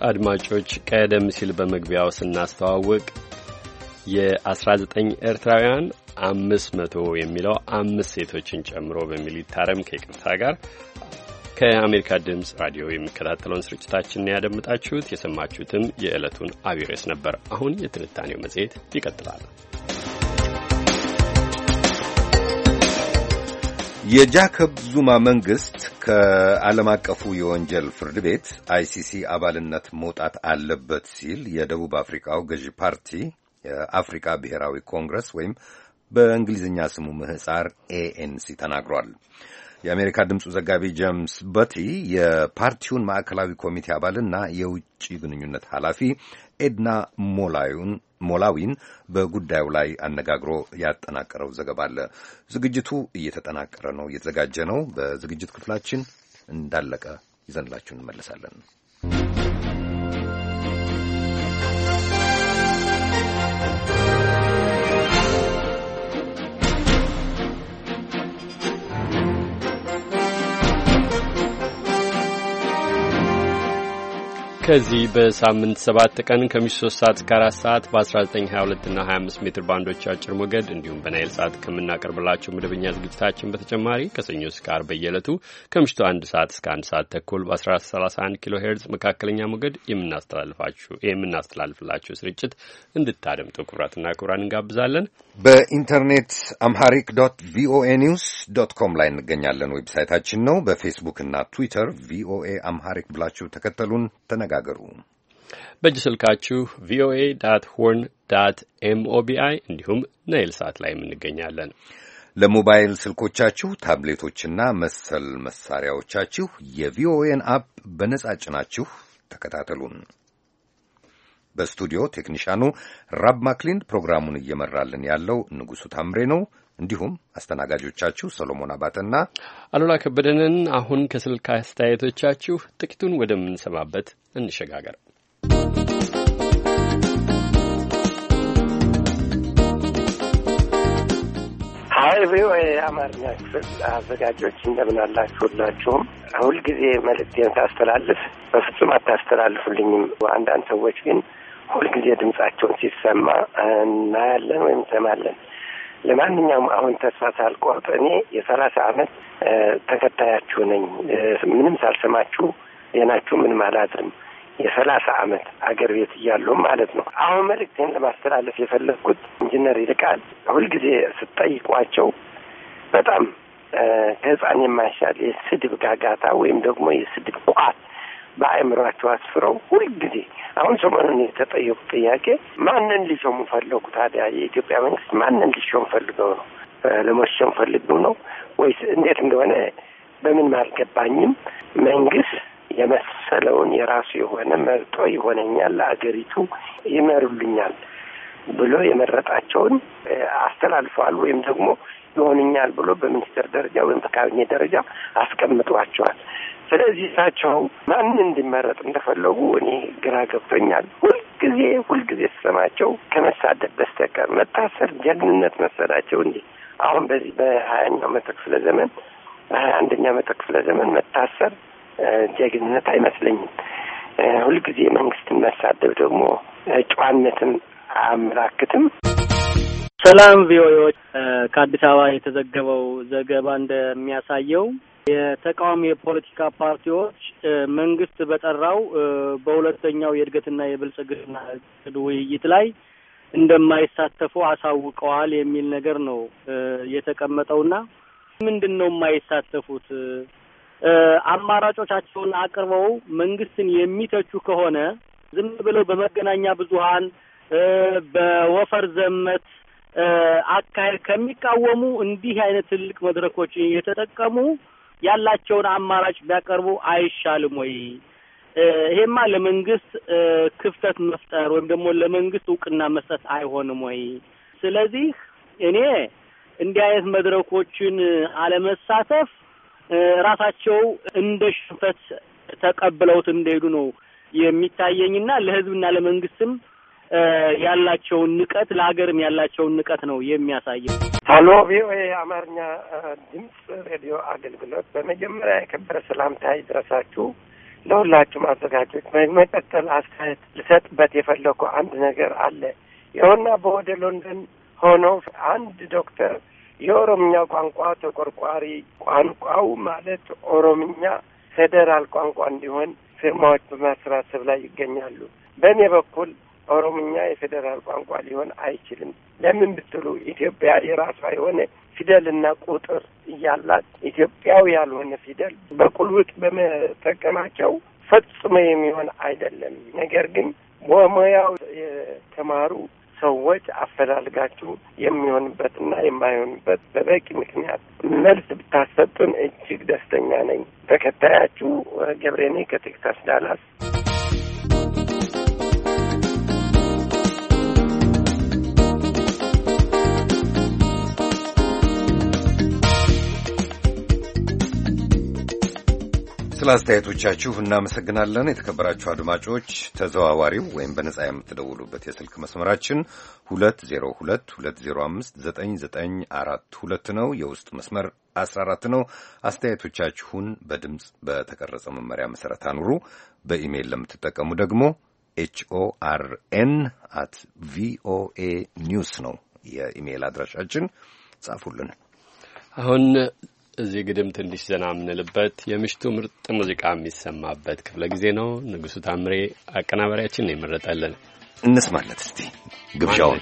አድማጮች ቀደም ሲል በመግቢያው ስናስተዋውቅ የ19 ኤርትራውያን አምስት መቶ የሚለው አምስት ሴቶችን ጨምሮ በሚል ይታረም ከይቅርታ ጋር ከአሜሪካ ድምፅ ራዲዮ የሚከታተለውን ስርጭታችንን ያደምጣችሁት። የሰማችሁትም የዕለቱን አብይ ርዕስ ነበር። አሁን የትንታኔው መጽሔት ይቀጥላል። የጃከብ ዙማ መንግሥት ከዓለም አቀፉ የወንጀል ፍርድ ቤት አይሲሲ አባልነት መውጣት አለበት ሲል የደቡብ አፍሪካው ገዢ ፓርቲ የአፍሪካ ብሔራዊ ኮንግረስ ወይም በእንግሊዝኛ ስሙ ምህፃር ኤኤንሲ ተናግሯል። የአሜሪካ ድምፁ ዘጋቢ ጀምስ በቲ የፓርቲውን ማዕከላዊ ኮሚቴ አባልና የውጭ ግንኙነት ኃላፊ ኤድና ሞላዩን ሞላዊን በጉዳዩ ላይ አነጋግሮ ያጠናቀረው ዘገባ አለ። ዝግጅቱ እየተጠናቀረ ነው፣ እየተዘጋጀ ነው። በዝግጅት ክፍላችን እንዳለቀ ይዘንላችሁ እንመለሳለን። ከዚህ በሳምንት ሰባት ቀን ከምሽቱ 3 ሰዓት እስከ 4 ሰዓት በ1922 እና 25 ሜትር ባንዶች አጭር ሞገድ እንዲሁም በናይል ሰዓት ከምናቀርብላቸው መደበኛ ዝግጅታችን በተጨማሪ ከሰኞ እስከ አርብ በየዕለቱ ከምሽቱ 1 ሰዓት እስከ 1 ሰዓት ተኩል በ1431 ኪሎ ሄርዝ መካከለኛ ሞገድ የምናስተላልፍላችሁ ስርጭት እንድታደምጡ ክቡራትና ክቡራን እንጋብዛለን። በኢንተርኔት አምሃሪክ ዶት ቪኦኤ ኒውስ ዶት ኮም ላይ እንገኛለን። ዌብሳይታችን ነው። በፌስቡክ እና ትዊተር ቪኦኤ አምሃሪክ ብላችሁ ተከተሉን ተነጋ ያነጋግሩ። በእጅ ስልካችሁ ቪኦኤ ዳት ሆርን ዳት ኤምኦቢአይ እንዲሁም ናይል ሳት ላይ እንገኛለን። ለሞባይል ስልኮቻችሁ ታብሌቶችና መሰል መሳሪያዎቻችሁ የቪኦኤን አፕ በነጻ ጭናችሁ ተከታተሉን። በስቱዲዮ ቴክኒሻኑ ራብ ማክሊን ፕሮግራሙን እየመራልን ያለው ንጉሡ ታምሬ ነው። እንዲሁም አስተናጋጆቻችሁ ሰሎሞን አባተና አሉላ ከበደንን። አሁን ከስልክ አስተያየቶቻችሁ ጥቂቱን ወደምንሰማበት እንሸጋገር። ሀይ ቪኦኤ የአማርኛ ክፍል አዘጋጆች እንደምን አላችሁ? ሁላችሁም ሁልጊዜ መልእክቴን ሳስተላልፍ በፍጹም አታስተላልፉልኝም። አንዳንድ ሰዎች ግን ሁልጊዜ ድምጻቸውን ሲሰማ እናያለን ወይም እንሰማለን። ለማንኛውም አሁን ተስፋ ሳልቆርጥ እኔ የሰላሳ አመት ተከታያችሁ ነኝ። ምንም ሳልሰማችሁ ዜናችሁ ምንም አላድርም። የሰላሳ አመት አገር ቤት እያለሁም ማለት ነው። አሁን መልእክቴን ለማስተላለፍ የፈለግኩት ኢንጂነር ይልቃል ሁልጊዜ ስትጠይቋቸው በጣም ከህፃን የማይሻል የስድብ ጋጋታ ወይም ደግሞ የስድብ ቋት በአእምሯቸው አስፍረው ሁልጊዜ አሁን ሰሞኑን የተጠየቁ ጥያቄ ማንን ሊሾሙ ፈለጉ ታዲያ? የኢትዮጵያ መንግስት ማንን ሊሾም ፈልገው ነው? ለመሾም ፈልገው ነው ወይስ እንዴት እንደሆነ በምንም አልገባኝም። መንግስት የመሰለውን የራሱ የሆነ መርጦ ይሆነኛል፣ ለአገሪቱ ይመሩልኛል ብሎ የመረጣቸውን አስተላልፈዋል ወይም ደግሞ ይሆንኛል ብሎ በሚኒስቴር ደረጃ ወይም በካቢኔ ደረጃ አስቀምጧቸዋል። ስለዚህ እሳቸው ማንን እንዲመረጥ እንደፈለጉ እኔ ግራ ገብቶኛል። ሁልጊዜ ሁልጊዜ ስሰማቸው ከመሳደብ በስተቀር መታሰር ጀግንነት መሰላቸው እንዲ አሁን በዚህ በሀያኛው መቶ ክፍለ ዘመን በሀያ አንደኛው መቶ ክፍለ ዘመን መታሰር ጀግንነት አይመስለኝም። ሁልጊዜ መንግስትን መሳደብ ደግሞ ጨዋነትን አያመላክትም። ሰላም ቪኦኤዎች፣ ከአዲስ አበባ የተዘገበው ዘገባ እንደሚያሳየው የተቃዋሚ የፖለቲካ ፓርቲዎች መንግስት በጠራው በሁለተኛው የእድገትና የብልጽግና እቅድ ውይይት ላይ እንደማይሳተፉ አሳውቀዋል የሚል ነገር ነው የተቀመጠውና ምንድን ነው የማይሳተፉት? አማራጮቻቸውን አቅርበው መንግስትን የሚተቹ ከሆነ ዝም ብለው በመገናኛ ብዙሃን በወፈር ዘመት አካሄድ ከሚቃወሙ እንዲህ አይነት ትልቅ መድረኮች የተጠቀሙ ያላቸውን አማራጭ ቢያቀርቡ አይሻልም ወይ? ይሄማ ለመንግስት ክፍተት መፍጠር ወይም ደግሞ ለመንግስት እውቅና መስጠት አይሆንም ወይ? ስለዚህ እኔ እንዲህ አይነት መድረኮችን አለመሳተፍ ራሳቸው እንደ ሽንፈት ተቀብለውት እንደሄዱ ነው የሚታየኝና ለህዝብና ለመንግስትም ያላቸውን ንቀት ለሀገርም ያላቸውን ንቀት ነው የሚያሳየው። ሀሎ ቪኦኤ የአማርኛ ድምፅ ሬዲዮ አገልግሎት በመጀመሪያ የከበረ ሰላምታ ይድረሳችሁ ለሁላችሁም አዘጋጆች። መቀጠል አስተያየት ልሰጥበት የፈለኩ አንድ ነገር አለ። ይኸውና በወደ ሎንደን ሆኖ አንድ ዶክተር የኦሮምኛ ቋንቋ ተቆርቋሪ ቋንቋው ማለት ኦሮምኛ ፌዴራል ቋንቋ እንዲሆን ፊርማዎች በማሰባሰብ ላይ ይገኛሉ። በእኔ በኩል ኦሮምኛ የፌዴራል ቋንቋ ሊሆን አይችልም። ለምን ብትሉ ኢትዮጵያ የራሷ የሆነ ፊደልና ቁጥር እያላት ኢትዮጵያዊ ያልሆነ ፊደል በቁልውጥ በመጠቀማቸው ፈጽሞ የሚሆን አይደለም። ነገር ግን በሙያው የተማሩ ሰዎች አፈላልጋችሁ የሚሆንበትና የማይሆንበት በበቂ ምክንያት መልስ ብታሰጡን እጅግ ደስተኛ ነኝ። ተከታያችሁ ገብሬኔ ከቴክሳስ ዳላስ ስለ አስተያየቶቻችሁ እናመሰግናለን። የተከበራችሁ አድማጮች ተዘዋዋሪው ወይም በነጻ የምትደውሉበት የስልክ መስመራችን 2022059942 ነው። የውስጥ መስመር 14 ነው። አስተያየቶቻችሁን በድምፅ በተቀረጸ መመሪያ መሰረት አኑሩ። በኢሜይል ለምትጠቀሙ ደግሞ ኤችኦአርኤን አት ቪኦኤ ኒውስ ነው የኢሜይል አድራሻችን። ጻፉልን። አሁን እዚህ ግድም ትንሽ ዘና የምንልበት የምሽቱ ምርጥ ሙዚቃ የሚሰማበት ክፍለ ጊዜ ነው። ንጉሱ ታምሬ አቀናበሪያችን ነው የመረጠልን። እንስማለት እስቲ ግብዣውን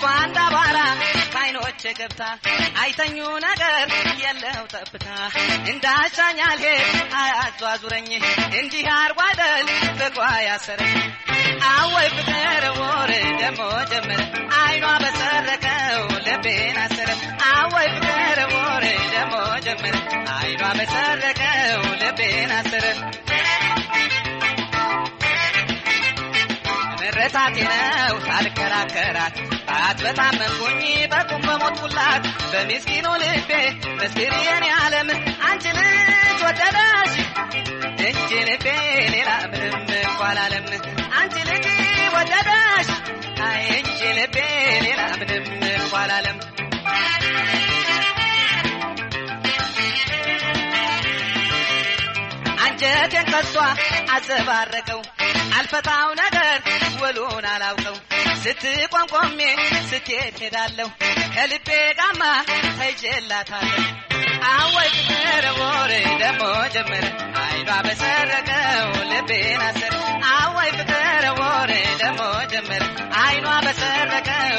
እሷ እንዳቧራ ከዓይኖች ገብታ አይተኙ ነገር የለው ጠብታ እንዳሻኛል አያዟዙረኝ እንዲህ አርጓደል ፍቅሯ ያሰረኝ አወይ ፍቅር ወር ደሞ ጀመረ አይኗ በሰረቀው ልቤን አሰረ አወይ ፍቅር ወር ደሞ ጀመረ አይኗ በሰረቀው ልቤን አሰረ ምረታቴ ነው ማከራት አት በጣም መሞኝ በቁም በሞትኩላት በሚስኪኑ ልቤ መስክሪ የኔ ዓለም አንቺ ልጅ ወደዳሽ እንጂ ልቤ ሌላ ምንም እኮ አላለም አንቺ ልጅ ወደዳሽ አይ እንጂ ልቤ ሌላ ምንም እኮ አላለም አንጀቴን ከሷ አዘባረቀው አልፈታው ነገር ወሎን አላውቀው ስትቆምቆሜ ስትሄድ ሄዳለሁ ከልቤ ጋማ ተይዤላታለሁ አወይ ጀመረ ወሬ ደሞ ጀመረ አይኗ በሰረቀው ልቤን አሰረ አወይ ፍቅረ ወሬ ደሞ ጀመረ አይኗ በሰረቀው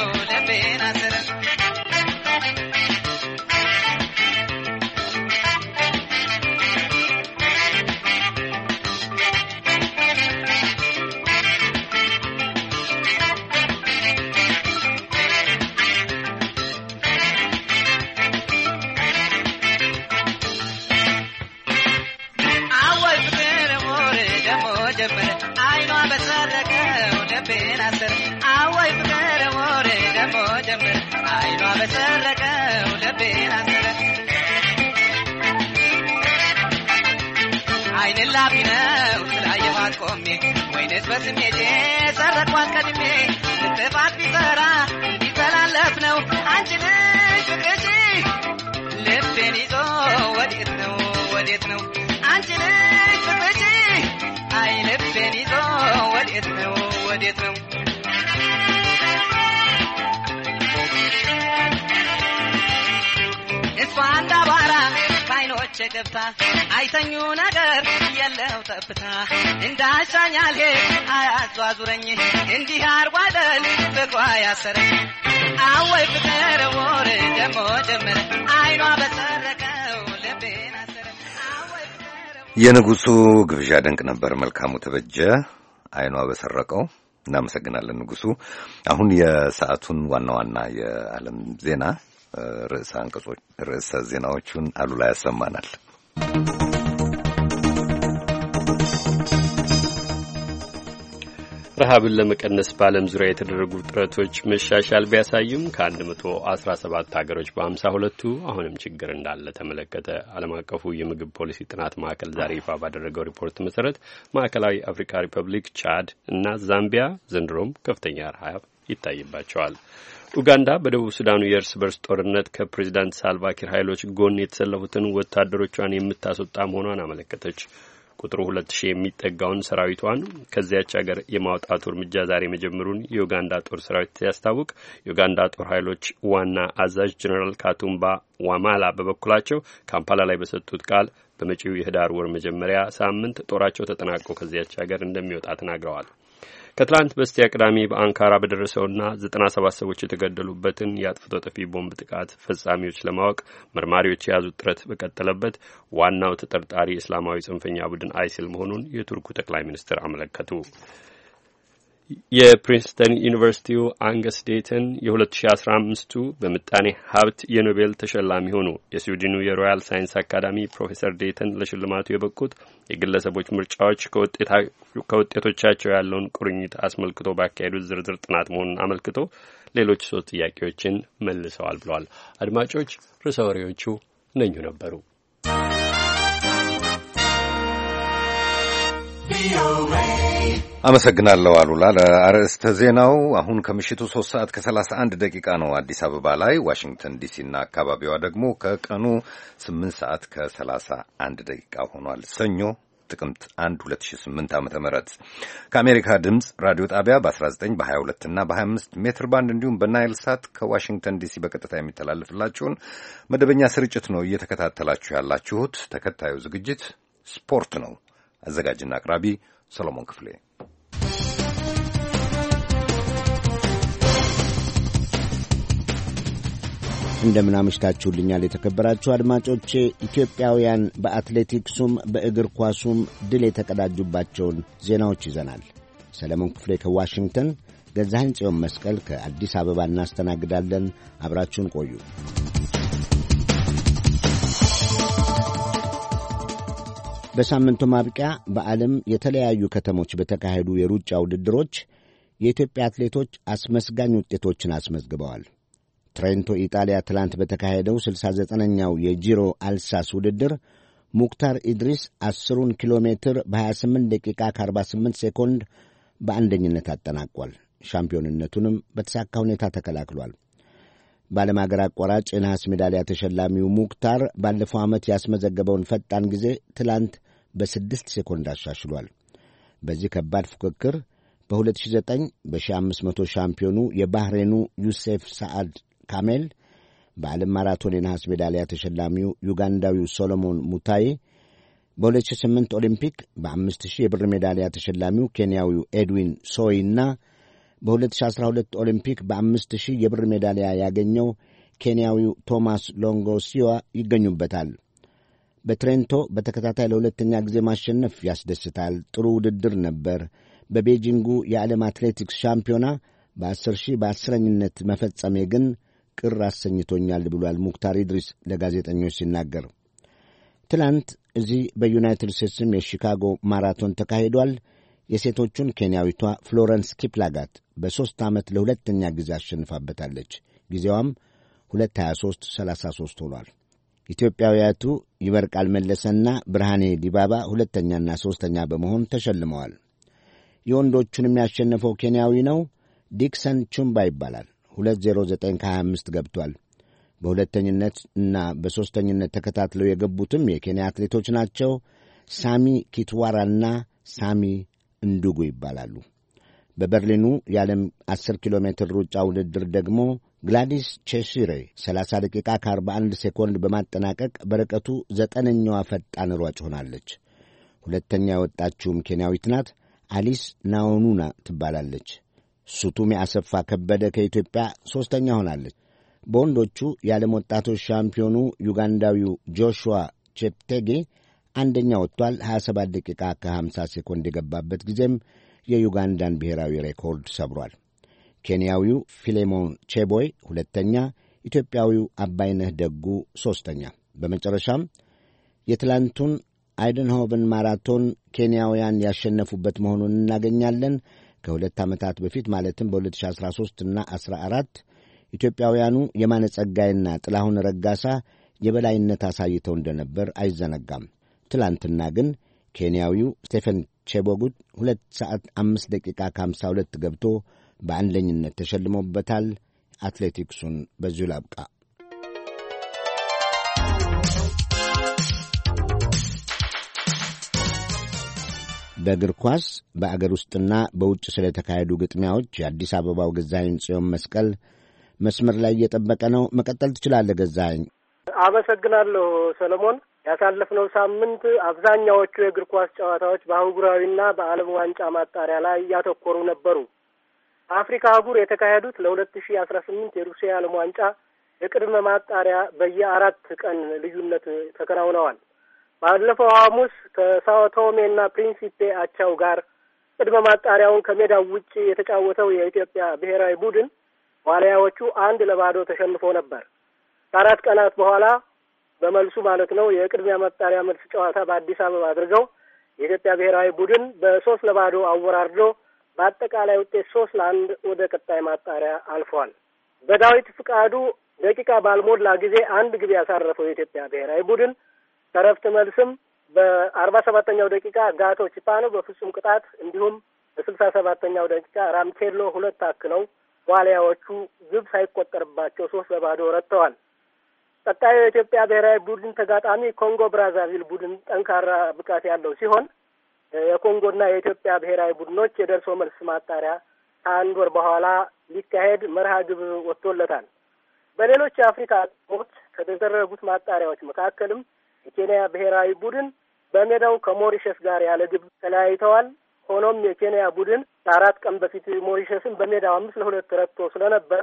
ገብታ አይተኙ ነገር የለው ጠብታ እንዳሻኛል አያዟዙረኝ እንዲህ አርጓደል ፍቅሯ ያሰረኝ አወይ ፍቅር ወር ደሞ ጀመረ አይኗ በሰረቀው ልቤን አሰረ። የንጉሱ ግብዣ ደንቅ ነበር። መልካሙ ተበጀ አይኗ በሰረቀው እናመሰግናለን ንጉሱ አሁን የሰዓቱን ዋና ዋና የዓለም ዜና ርዕሰ አንቀጾች ርዕሰ ዜናዎቹን አሉላ ያሰማናል። ረሃብን ለመቀነስ በዓለም ዙሪያ የተደረጉ ጥረቶች መሻሻል ቢያሳዩም ከ117 ሀገሮች በ52ቱ አሁንም ችግር እንዳለ ተመለከተ። ዓለም አቀፉ የምግብ ፖሊሲ ጥናት ማዕከል ዛሬ ይፋ ባደረገው ሪፖርት መሰረት ማዕከላዊ አፍሪካ ሪፐብሊክ፣ ቻድ እና ዛምቢያ ዘንድሮም ከፍተኛ ረሃብ ይታይባቸዋል። ኡጋንዳ በደቡብ ሱዳኑ የእርስ በርስ ጦርነት ከፕሬዚዳንት ሳልቫኪር ኃይሎች ጎን የተሰለፉትን ወታደሮቿን የምታስወጣ መሆኗን አመለከተች። ቁጥሩ ሁለት ሺህ የሚጠጋውን ሰራዊቷን ከዚያች ሀገር የማውጣቱ እርምጃ ዛሬ መጀመሩን የኡጋንዳ ጦር ሰራዊት ሲያስታውቅ የኡጋንዳ ጦር ኃይሎች ዋና አዛዥ ጀኔራል ካቱምባ ዋማላ በበኩላቸው ካምፓላ ላይ በሰጡት ቃል በመጪው የህዳር ወር መጀመሪያ ሳምንት ጦራቸው ተጠናቆ ከዚያች ሀገር እንደሚወጣ ተናግረዋል። ከትላንት በስቲያ ቅዳሜ በአንካራ በደረሰውና ዘጠና ሰባት ሰዎች የተገደሉበትን የአጥፍቶ ጠፊ ቦምብ ጥቃት ፈጻሚዎች ለማወቅ መርማሪዎች የያዙት ጥረት በቀጠለበት ዋናው ተጠርጣሪ እስላማዊ ጽንፈኛ ቡድን አይሲል መሆኑን የቱርኩ ጠቅላይ ሚኒስትር አመለከቱ። የፕሪንስተን ዩኒቨርሲቲው አንገስ ዴትን የ2015ቱ በምጣኔ ሀብት የኖቤል ተሸላሚ ሆኑ። የስዊድኑ የሮያል ሳይንስ አካዳሚ ፕሮፌሰር ዴተን ለሽልማቱ የበቁት የግለሰቦች ምርጫዎች ከውጤቶቻቸው ያለውን ቁርኝት አስመልክቶ ባካሄዱት ዝርዝር ጥናት መሆኑን አመልክቶ ሌሎች ሶስት ጥያቄዎችን መልሰዋል ብለዋል። አድማጮች ርዕሰ ወሬዎቹ እነኙ ነበሩ። አመሰግናለሁ አሉላ ለአርዕስተ ዜናው። አሁን ከምሽቱ ሶስት ሰዓት ከ31 ደቂቃ ነው አዲስ አበባ ላይ፣ ዋሽንግተን ዲሲና አካባቢዋ ደግሞ ከቀኑ 8 ሰዓት ከ31 ደቂቃ ሆኗል። ሰኞ ጥቅምት 1 2008 ዓ ም ከአሜሪካ ድምፅ ራዲዮ ጣቢያ በ19 በ22 እና በ25 ሜትር ባንድ እንዲሁም በናይል ሳት ከዋሽንግተን ዲሲ በቀጥታ የሚተላለፍላችሁን መደበኛ ስርጭት ነው እየተከታተላችሁ ያላችሁት። ተከታዩ ዝግጅት ስፖርት ነው። አዘጋጅና አቅራቢ ሰሎሞን ክፍሌ እንደምናምሽታችሁልኛል የተከበራችሁ አድማጮቼ። ኢትዮጵያውያን በአትሌቲክሱም በእግር ኳሱም ድል የተቀዳጁባቸውን ዜናዎች ይዘናል። ሰለሞን ክፍሌ ከዋሽንግተን፣ ገዛኸኝ ጽዮን መስቀል ከአዲስ አበባ እናስተናግዳለን። አብራችሁን ቆዩ። በሳምንቱ ማብቂያ በዓለም የተለያዩ ከተሞች በተካሄዱ የሩጫ ውድድሮች የኢትዮጵያ አትሌቶች አስመስጋኝ ውጤቶችን አስመዝግበዋል። ትሬንቶ ኢጣሊያ ትላንት በተካሄደው 69ኛው የጂሮ አልሳስ ውድድር ሙክታር ኢድሪስ 10ሩን ኪሎ ሜትር በ28 ደቂቃ ከ48 ሴኮንድ በአንደኝነት አጠናቋል። ሻምፒዮንነቱንም በተሳካ ሁኔታ ተከላክሏል። በዓለም አገር አቋራጭ የነሐስ ሜዳሊያ ተሸላሚው ሙክታር ባለፈው ዓመት ያስመዘገበውን ፈጣን ጊዜ ትላንት በስድስት ሴኮንድ አሻሽሏል። በዚህ ከባድ ፉክክር በ2009 በ1500 ሻምፒዮኑ የባህሬኑ ዩሴፍ ሰዓድ ካሜል፣ በዓለም ማራቶን የነሐስ ሜዳሊያ ተሸላሚው ዩጋንዳዊው ሶሎሞን ሙታይ፣ በ2008 ኦሊምፒክ በ5000 የብር ሜዳሊያ ተሸላሚው ኬንያዊው ኤድዊን ሶይ እና በ2012 ኦሊምፒክ በአምስት ሺህ የብር ሜዳሊያ ያገኘው ኬንያዊው ቶማስ ሎንጎ ሲዋ ይገኙበታል። በትሬንቶ በተከታታይ ለሁለተኛ ጊዜ ማሸነፍ ያስደስታል። ጥሩ ውድድር ነበር። በቤጂንጉ የዓለም አትሌቲክስ ሻምፒዮና በ10 ሺህ በአስረኝነት መፈጸሜ ግን ቅር አሰኝቶኛል ብሏል ሙክታር ኢድሪስ ለጋዜጠኞች ሲናገር። ትላንት እዚህ በዩናይትድ ስቴትስም የሺካጎ ማራቶን ተካሂዷል። የሴቶቹን ኬንያዊቷ ፍሎረንስ ኪፕላጋት በሦስት ዓመት ለሁለተኛ ጊዜ አሸንፋበታለች። ጊዜዋም 223 33 ሆኗል። ኢትዮጵያውያቱ ይበርቃል መለሰና ብርሃኔ ዲባባ ሁለተኛና ሦስተኛ በመሆን ተሸልመዋል። የወንዶቹንም ያሸነፈው ኬንያዊ ነው። ዲክሰን ቹምባ ይባላል። 20925 ገብቷል። በሁለተኝነት እና በሦስተኝነት ተከታትለው የገቡትም የኬንያ አትሌቶች ናቸው። ሳሚ ኪትዋራና ሳሚ እንዱጉ ይባላሉ። በበርሊኑ የዓለም 10 ኪሎ ሜትር ሩጫ ውድድር ደግሞ ግላዲስ ቼሺሬ 30 ደቂቃ ከ41 ሴኮንድ በማጠናቀቅ በርቀቱ ዘጠነኛዋ ፈጣን ሯጭ ሆናለች። ሁለተኛ የወጣችውም ኬንያዊት ናት። አሊስ ናኦኑና ትባላለች። ሱቱሜ አሰፋ ከበደ ከኢትዮጵያ ሦስተኛ ሆናለች። በወንዶቹ የዓለም ወጣቶች ሻምፒዮኑ ዩጋንዳዊው ጆሹዋ ቼፕቴጌ አንደኛ ወጥቷል። 27 ደቂቃ ከ50 ሴኮንድ የገባበት ጊዜም የዩጋንዳን ብሔራዊ ሬኮርድ ሰብሯል። ኬንያዊው ፊሌሞን ቼቦይ ሁለተኛ፣ ኢትዮጵያዊው አባይነህ ደጉ ሦስተኛ። በመጨረሻም የትላንቱን አይደንሆቨን ማራቶን ኬንያውያን ያሸነፉበት መሆኑን እናገኛለን። ከሁለት ዓመታት በፊት ማለትም በ2013 እና 14 ኢትዮጵያውያኑ የማነ ጸጋይና ጥላሁን ረጋሳ የበላይነት አሳይተው እንደነበር አይዘነጋም። ትላንትና ግን ኬንያዊው ስቴፈን ቼቦጉድ ሁለት ሰዓት አምስት ደቂቃ ከሃምሳ ሁለት ገብቶ በአንደኝነት ተሸልሞበታል። አትሌቲክሱን በዚሁ ላብቃ። በእግር ኳስ በአገር ውስጥና በውጭ ስለተካሄዱ ግጥሚያዎች የአዲስ አበባው ገዛኸኝ ጽዮን መስቀል መስመር ላይ እየጠበቀ ነው። መቀጠል ትችላለህ ገዛኸኝ። አመሰግናለሁ ሰለሞን። ያሳለፍነው ሳምንት አብዛኛዎቹ የእግር ኳስ ጨዋታዎች በአህጉራዊና በዓለም ዋንጫ ማጣሪያ ላይ እያተኮሩ ነበሩ። አፍሪካ አህጉር የተካሄዱት ለሁለት ሺ አስራ ስምንት የሩሲያ ዓለም ዋንጫ የቅድመ ማጣሪያ በየአራት ቀን ልዩነት ተከናውነዋል። ባለፈው ሐሙስ ከሳኦቶሜና ፕሪንሲፔ አቻው ጋር ቅድመ ማጣሪያውን ከሜዳው ውጭ የተጫወተው የኢትዮጵያ ብሔራዊ ቡድን ዋልያዎቹ አንድ ለባዶ ተሸንፎ ነበር። ከአራት ቀናት በኋላ በመልሱ ማለት ነው የቅድሚያ ማጣሪያ መልስ ጨዋታ በአዲስ አበባ አድርገው የኢትዮጵያ ብሔራዊ ቡድን በሶስት ለባዶ አወራርዶ በአጠቃላይ ውጤት ሶስት ለአንድ ወደ ቀጣይ ማጣሪያ አልፏል። በዳዊት ፍቃዱ ደቂቃ ባልሞላ ጊዜ አንድ ግብ ያሳረፈው የኢትዮጵያ ብሔራዊ ቡድን ከረፍት መልስም በአርባ ሰባተኛው ደቂቃ ጋቶ ቺፓኖ በፍጹም ቅጣት እንዲሁም በስልሳ ሰባተኛው ደቂቃ ራምኬሎ ሁለት አክለው ዋሊያዎቹ ግብ ሳይቆጠርባቸው ሶስት ለባዶ ረትተዋል። ቀጣዩ የኢትዮጵያ ብሔራዊ ቡድን ተጋጣሚ ኮንጎ ብራዛቪል ቡድን ጠንካራ ብቃት ያለው ሲሆን የኮንጎና የኢትዮጵያ ብሔራዊ ቡድኖች የደርሶ መልስ ማጣሪያ ከአንድ ወር በኋላ ሊካሄድ መርሃ ግብ ወጥቶለታል። በሌሎች የአፍሪካ ቦች ከተደረጉት ማጣሪያዎች መካከልም የኬንያ ብሔራዊ ቡድን በሜዳው ከሞሪሸስ ጋር ያለ ግብ ተለያይተዋል። ሆኖም የኬንያ ቡድን ከአራት ቀን በፊት ሞሪሸስን በሜዳው አምስት ለሁለት ረትቶ ስለነበር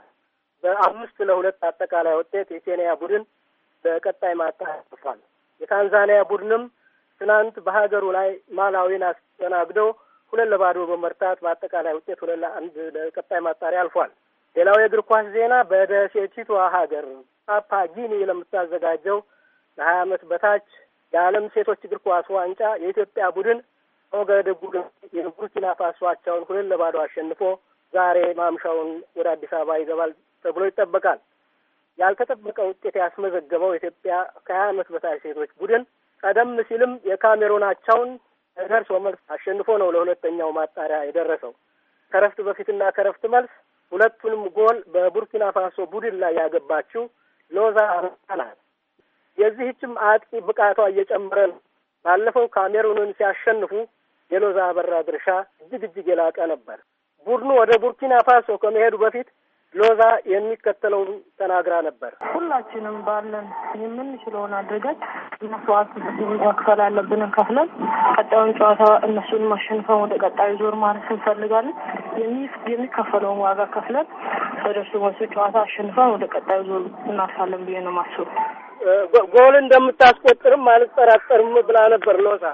በአምስት ለሁለት አጠቃላይ ውጤት የኬንያ ቡድን በቀጣይ ማጣሪያ አልፏል። የታንዛኒያ ቡድንም ትናንት በሀገሩ ላይ ማላዊን አስተናግዶ ሁለት ለባዶ በመርታት በአጠቃላይ ውጤት ሁለት ለአንድ ለቀጣይ ማጣሪያ አልፏል። ሌላው የእግር ኳስ ዜና በደሴቲቷ ሀገር ፓፓ ጊኒ ለምታዘጋጀው ለሀያ ዓመት በታች የዓለም ሴቶች እግር ኳስ ዋንጫ የኢትዮጵያ ቡድን ሞገደጉ የቡርኪና ፋሶ አቻውን ሁለት ለባዶ አሸንፎ ዛሬ ማምሻውን ወደ አዲስ አበባ ይገባል ተብሎ ይጠበቃል። ያልተጠበቀ ውጤት ያስመዘገበው የኢትዮጵያ ከሀያ ዓመት በታች ሴቶች ቡድን ቀደም ሲልም የካሜሮናቸውን ደርሶ መልስ አሸንፎ ነው ለሁለተኛው ማጣሪያ የደረሰው። ከረፍት በፊትና ከረፍት መልስ ሁለቱንም ጎል በቡርኪና ፋሶ ቡድን ላይ ያገባችው ሎዛ አመታ ናት። የዚህችም አጥቂ ብቃቷ እየጨመረ ነው። ባለፈው ካሜሩንን ሲያሸንፉ የሎዛ አበራ ድርሻ እጅግ እጅግ የላቀ ነበር። ቡድኑ ወደ ቡርኪና ፋሶ ከመሄዱ በፊት ሎዛ የሚከተለውን ተናግራ ነበር። ሁላችንም ባለን የምንችለውን አድርገን መስዋዕት መክፈል ያለብንን ከፍለን ቀጣዩን ጨዋታ እነሱን ማሸንፈን ወደ ቀጣዩ ዞር ማለት እንፈልጋለን። የሚከፈለውን ዋጋ ከፍለን በደርሶ መልስ ጨዋታ አሸንፈን ወደ ቀጣዩ ዞር እናልፋለን ብዬ ነው ማስቡ። ጎል እንደምታስቆጥርም አልጠራጠርም ብላ ነበር ሎዛ።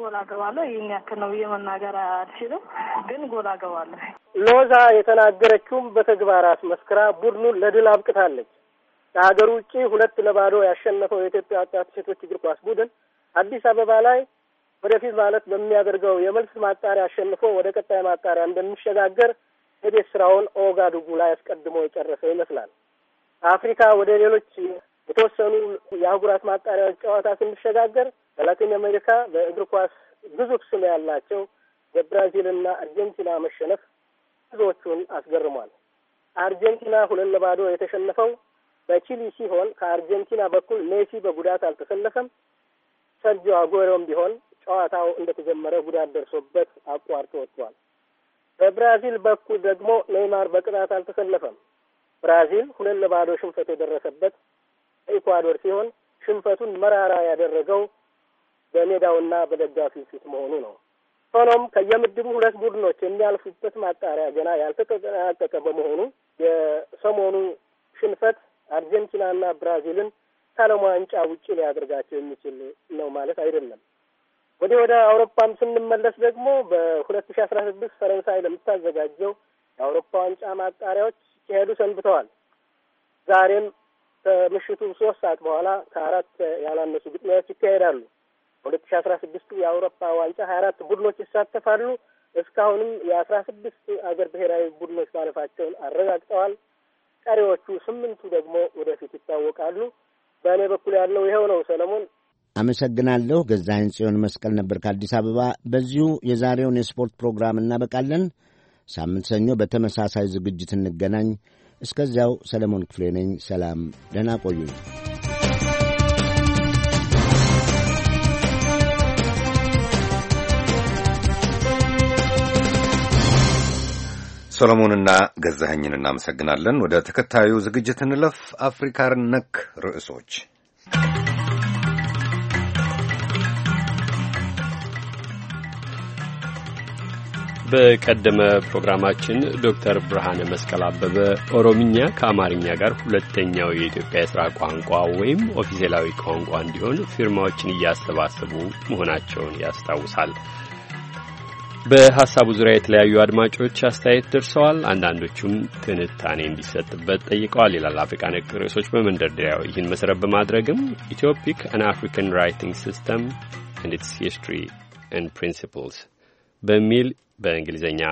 ጎል አገባለሁ። ይህን ያክል ነው ብዬ መናገር አልችልም፣ ግን ጎል አገባለሁ። ሎዛ የተናገረችውም በተግባር አስመስክራ ቡድኑን ለድል አብቅታለች። ከሀገር ውጭ ሁለት ለባዶ ያሸነፈው የኢትዮጵያ ወጣት ሴቶች እግር ኳስ ቡድን አዲስ አበባ ላይ ወደፊት ማለት በሚያደርገው የመልስ ማጣሪያ አሸንፎ ወደ ቀጣይ ማጣሪያ እንደሚሸጋገር የቤት ስራውን ኦጋዱጉ ላይ አስቀድሞ የጨረሰ ይመስላል። አፍሪካ ወደ ሌሎች የተወሰኑ የአህጉራት ማጣሪያዎች ጨዋታ ስንሸጋገር በላቲን አሜሪካ በእግር ኳስ ግዙፍ ስም ያላቸው የብራዚልና አርጀንቲና መሸነፍ ብዙዎቹን አስገርሟል። አርጀንቲና ሁለት ለባዶ የተሸነፈው በቺሊ ሲሆን ከአርጀንቲና በኩል ሜሲ በጉዳት አልተሰለፈም። ሰርጂዮ አጉዌሮም ቢሆን ጨዋታው እንደተጀመረ ጉዳት ደርሶበት አቋርጦ ወጥቷል። በብራዚል በኩል ደግሞ ኔይማር በቅጣት አልተሰለፈም። ብራዚል ሁለት ለባዶ ሽንፈት የደረሰበት ኢኳዶር ሲሆን ሽንፈቱን መራራ ያደረገው በሜዳውና በደጋፊው ፊት መሆኑ ነው። ሆኖም ከየምድቡ ሁለት ቡድኖች የሚያልፉበት ማጣሪያ ገና ያልተጠናቀቀ በመሆኑ የሰሞኑ ሽንፈት አርጀንቲናና ብራዚልን ከዓለም ዋንጫ ውጭ ሊያደርጋቸው የሚችል ነው ማለት አይደለም። ወዲህ ወደ አውሮፓም ስንመለስ ደግሞ በሁለት ሺ አስራ ስድስት ፈረንሳይ ለምታዘጋጀው የአውሮፓ ዋንጫ ማጣሪያዎች ሲካሄዱ ሰንብተዋል። ዛሬም ከምሽቱ ሶስት ሰዓት በኋላ ከአራት ያላነሱ ግጥሚያዎች ይካሄዳሉ። ሁለት ሺ አስራ ስድስቱ የአውሮፓ ዋንጫ ሀያ አራት ቡድኖች ይሳተፋሉ። እስካሁንም የአስራ ስድስት አገር ብሔራዊ ቡድኖች ማለፋቸውን አረጋግጠዋል። ቀሪዎቹ ስምንቱ ደግሞ ወደፊት ይታወቃሉ። በእኔ በኩል ያለው ይኸው ነው። ሰለሞን አመሰግናለሁ። ገዛኸኝ ጽዮን መስቀል ነበር ከአዲስ አበባ። በዚሁ የዛሬውን የስፖርት ፕሮግራም እናበቃለን። ሳምንት ሰኞ በተመሳሳይ ዝግጅት እንገናኝ። እስከዚያው ሰለሞን ክፍሌ ነኝ። ሰላም፣ ደህና ቆዩኝ። ሰሎሞንና ገዛኸኝን እናመሰግናለን። ወደ ተከታዩ ዝግጅት እንለፍ። አፍሪካ ነክ ርዕሶች በቀደመ ፕሮግራማችን ዶክተር ብርሃነ መስቀል አበበ ኦሮምኛ ከአማርኛ ጋር ሁለተኛው የኢትዮጵያ የስራ ቋንቋ ወይም ኦፊሴላዊ ቋንቋ እንዲሆን ፊርማዎችን እያሰባሰቡ መሆናቸውን ያስታውሳል። በሀሳቡ ዙሪያ የተለያዩ አድማጮች አስተያየት ደርሰዋል። አንዳንዶቹም ትንታኔ እንዲሰጥበት ጠይቀዋል ይላል አፍሪካ ነክ ርዕሶች በመንደርደሪያው። ይህን መሰረት በማድረግም ኢትዮፒክ አን አፍሪካን ራይቲንግ ሲስተም ኤንድ ኢትስ ሂስትሪ ኤንድ ፕሪንሲፕልስ በሚል በእንግሊዝኛ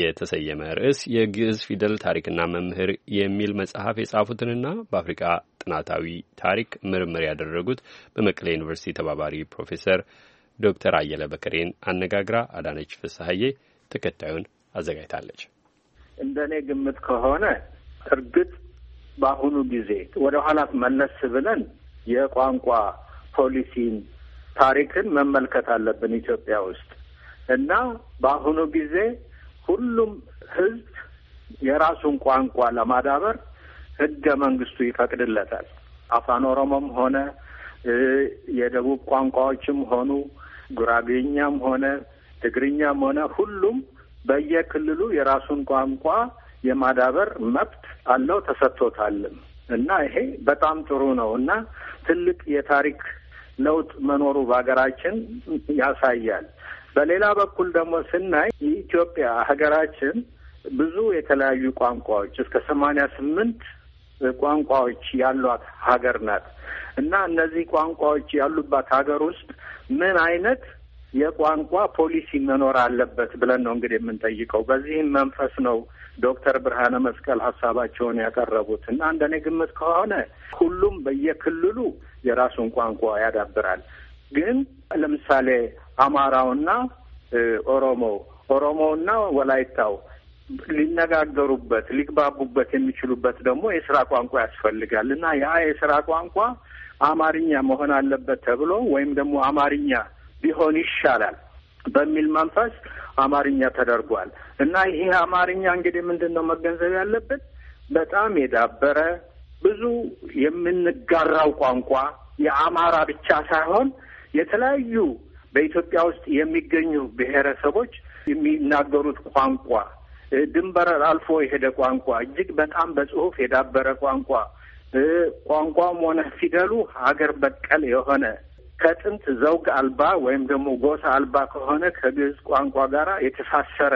የተሰየመ ርዕስ የግዕዝ ፊደል ታሪክና መምህር የሚል መጽሐፍ የጻፉትንና በአፍሪካ ጥናታዊ ታሪክ ምርምር ያደረጉት በመቀሌ ዩኒቨርሲቲ ተባባሪ ፕሮፌሰር ዶክተር አየለ በከሬን አነጋግራ አዳነች ፍስሀዬ ተከታዩን አዘጋጅታለች። እንደ እኔ ግምት ከሆነ እርግጥ በአሁኑ ጊዜ ወደ ኋላ መለስ ብለን የቋንቋ ፖሊሲን ታሪክን መመልከት አለብን ኢትዮጵያ ውስጥ እና በአሁኑ ጊዜ ሁሉም ህዝብ የራሱን ቋንቋ ለማዳበር ህገ መንግስቱ ይፈቅድለታል። አፋን ኦሮሞም ሆነ የደቡብ ቋንቋዎችም ሆኑ ጉራጌኛም ሆነ ትግርኛም ሆነ ሁሉም በየክልሉ የራሱን ቋንቋ የማዳበር መብት አለው ተሰጥቶታልም እና ይሄ በጣም ጥሩ ነው እና ትልቅ የታሪክ ለውጥ መኖሩ በሀገራችን ያሳያል። በሌላ በኩል ደግሞ ስናይ የኢትዮጵያ ሀገራችን ብዙ የተለያዩ ቋንቋዎች እስከ ሰማንያ ስምንት ቋንቋዎች ያሏት ሀገር ናት እና እነዚህ ቋንቋዎች ያሉባት ሀገር ውስጥ ምን አይነት የቋንቋ ፖሊሲ መኖር አለበት ብለን ነው እንግዲህ የምንጠይቀው። በዚህም መንፈስ ነው ዶክተር ብርሃነ መስቀል ሀሳባቸውን ያቀረቡት እና እንደኔ ግምት ከሆነ ሁሉም በየክልሉ የራሱን ቋንቋ ያዳብራል። ግን ለምሳሌ አማራውና ኦሮሞው ኦሮሞውና ወላይታው ሊነጋገሩበት ሊግባቡበት የሚችሉበት ደግሞ የስራ ቋንቋ ያስፈልጋል እና ያ የስራ ቋንቋ አማርኛ መሆን አለበት ተብሎ ወይም ደግሞ አማርኛ ቢሆን ይሻላል በሚል መንፈስ አማርኛ ተደርጓል እና ይሄ አማርኛ እንግዲህ ምንድን ነው መገንዘብ ያለብን በጣም የዳበረ ብዙ የምንጋራው ቋንቋ የአማራ ብቻ ሳይሆን የተለያዩ በኢትዮጵያ ውስጥ የሚገኙ ብሔረሰቦች የሚናገሩት ቋንቋ ድንበር አልፎ የሄደ ቋንቋ እጅግ በጣም በጽሁፍ የዳበረ ቋንቋ ቋንቋም ሆነ ፊደሉ ሀገር በቀል የሆነ ከጥንት ዘውግ አልባ ወይም ደግሞ ጎሳ አልባ ከሆነ ከግዕዝ ቋንቋ ጋር የተሳሰረ